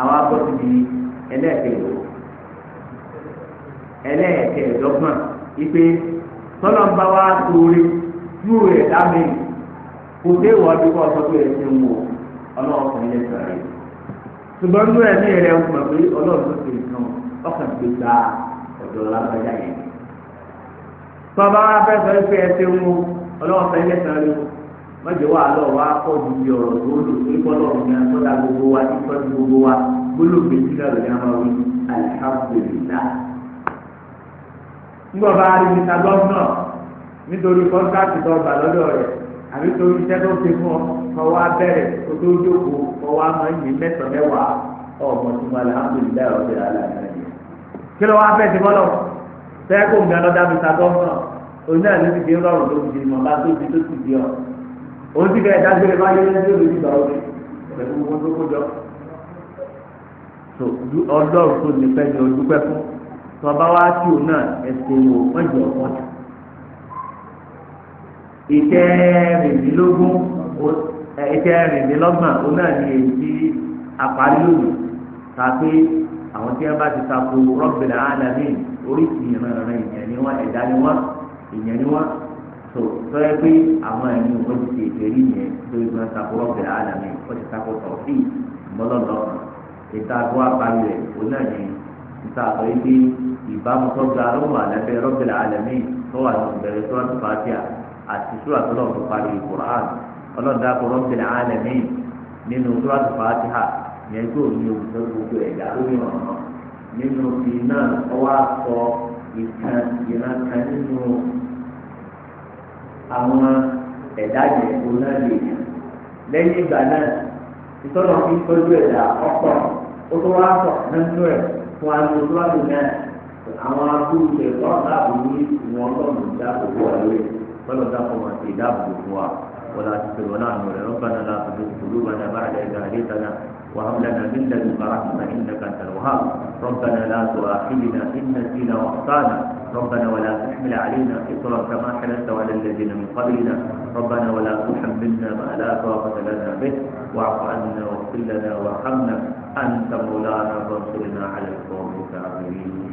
àwọn abọ́ ti di ẹlẹ́ẹ̀kẹ́ ẹlẹ́ẹ̀kẹ́ lọ́gbọ̀n. ìpè tọ́lọ́mbà wa sóore yóò rẹ̀ dá mi kò dé ìwọ́dún kọ́ ọ̀sọ́ tó yẹ kí n wò ọlọ́run sọ̀rọ̀ yìí ṣùgbọ́n ní ẹ̀mí rẹ̀ ń pé ti ọkàn gba ọ̀dọ̀ tọ́ba wa fẹ́ sọ pé sọ̀rọ̀ yìí mọ̀jẹ̀ wà lọ wá pọ̀ ju ọ̀rọ̀ tó nígbà bá a rí mr gọ́fúnà nítorí kọ́ńtàkì tó gbà lọ́dọ̀ rẹ̀ àbí torí iṣẹ́ tó ṣe fún ọ kọ́ wá o kó tó jókòó kọ́ wá máa ń yí mẹ́sàn-án mẹ́wàá ọ̀gbọ̀n tí mo alhamdulilayi ọ̀gbìn alẹ́ kí ló wá fẹ́ ti bọ́lọ̀ fẹ́ kó nǹkan lọ́dọ̀ mr gọ́fúnà òun náà ló ti di rọrùn tó ti di mọ̀ bá tó ti tó ti di ọ òun ti bẹ̀rẹ̀ dágbére bá yẹn lójú lójú ìgbà òde pẹ̀lú gbogbo tó kó jọ ọlọ́run tó ní fẹ́ ni o dúpẹ́ fún tọba wa tí o náà ẹsẹ wo mọjọ ọkọ jù ìkẹrìndínlógún ìkẹrìndínlọ́gbọ̀n o náà ní èyí tí àparí lòdì ta pé àwọn tí wọn bá ti ta ko rọbìnrin alami oríṣi ìrànràn ìyẹn ni wọn ẹ̀dá ni wọn ìyẹn ni wọn tó tọ́yẹ pé àwọn ẹni wọn ti ṣe ìfẹ́rí yẹn lórí wọn ta ko rọbìnrin alami wọn ti ta ko tọ̀fì mọ́lọ́lọ́ ìta kó àparí rẹ̀ o náà ní ìta àtọ̀ pé ìbámu tó ga ló wà lábẹ́ Rabbil Alamin tó wà ní ìbẹ̀rẹ̀ tó ń fàtíà àti sùúrà tó lọ́wọ́ tó parí Qur'an ọlọ́dà kó Rabbil Alamin nínú tó wà tó fàtíà yẹn tó ní olùsọ gbogbo ẹ̀dá lórí ọ̀nà nínú ti náà ọwọ́ àkọ ìkan kan nínú àwọn ẹ̀dá yẹn tó náà lè yàn lẹ́yìn ìgbà náà ìtọ́nà fi tọ́jú ẹ̀dá ọ̀pọ̀ ó tó wá sọ̀ àwọn akúrú rẹ̀ tọ́ ní wọn lọ́nà dáàbò wọ ẹ̀wẹ̀ fọlọ́ dáàbò wọn ti dáàbò fún wa wọn láti pè wọn náà lọ́rẹ̀ rọ́bànà láti fi kúrú wọn náà bára ẹ̀ka àdéhùn وهب لنا من لدنك رحمة إنك أنت الوهاب ربنا لا تؤاخذنا إن نسينا وأخطأنا ربنا ولا تحمل علينا إصرا كما حملت على الذين من قبلنا ربنا ولا تحملنا ما لا طاقة لنا به واعف عنا واغفر لنا وارحمنا أنت مولانا فانصرنا على القوم الكافرين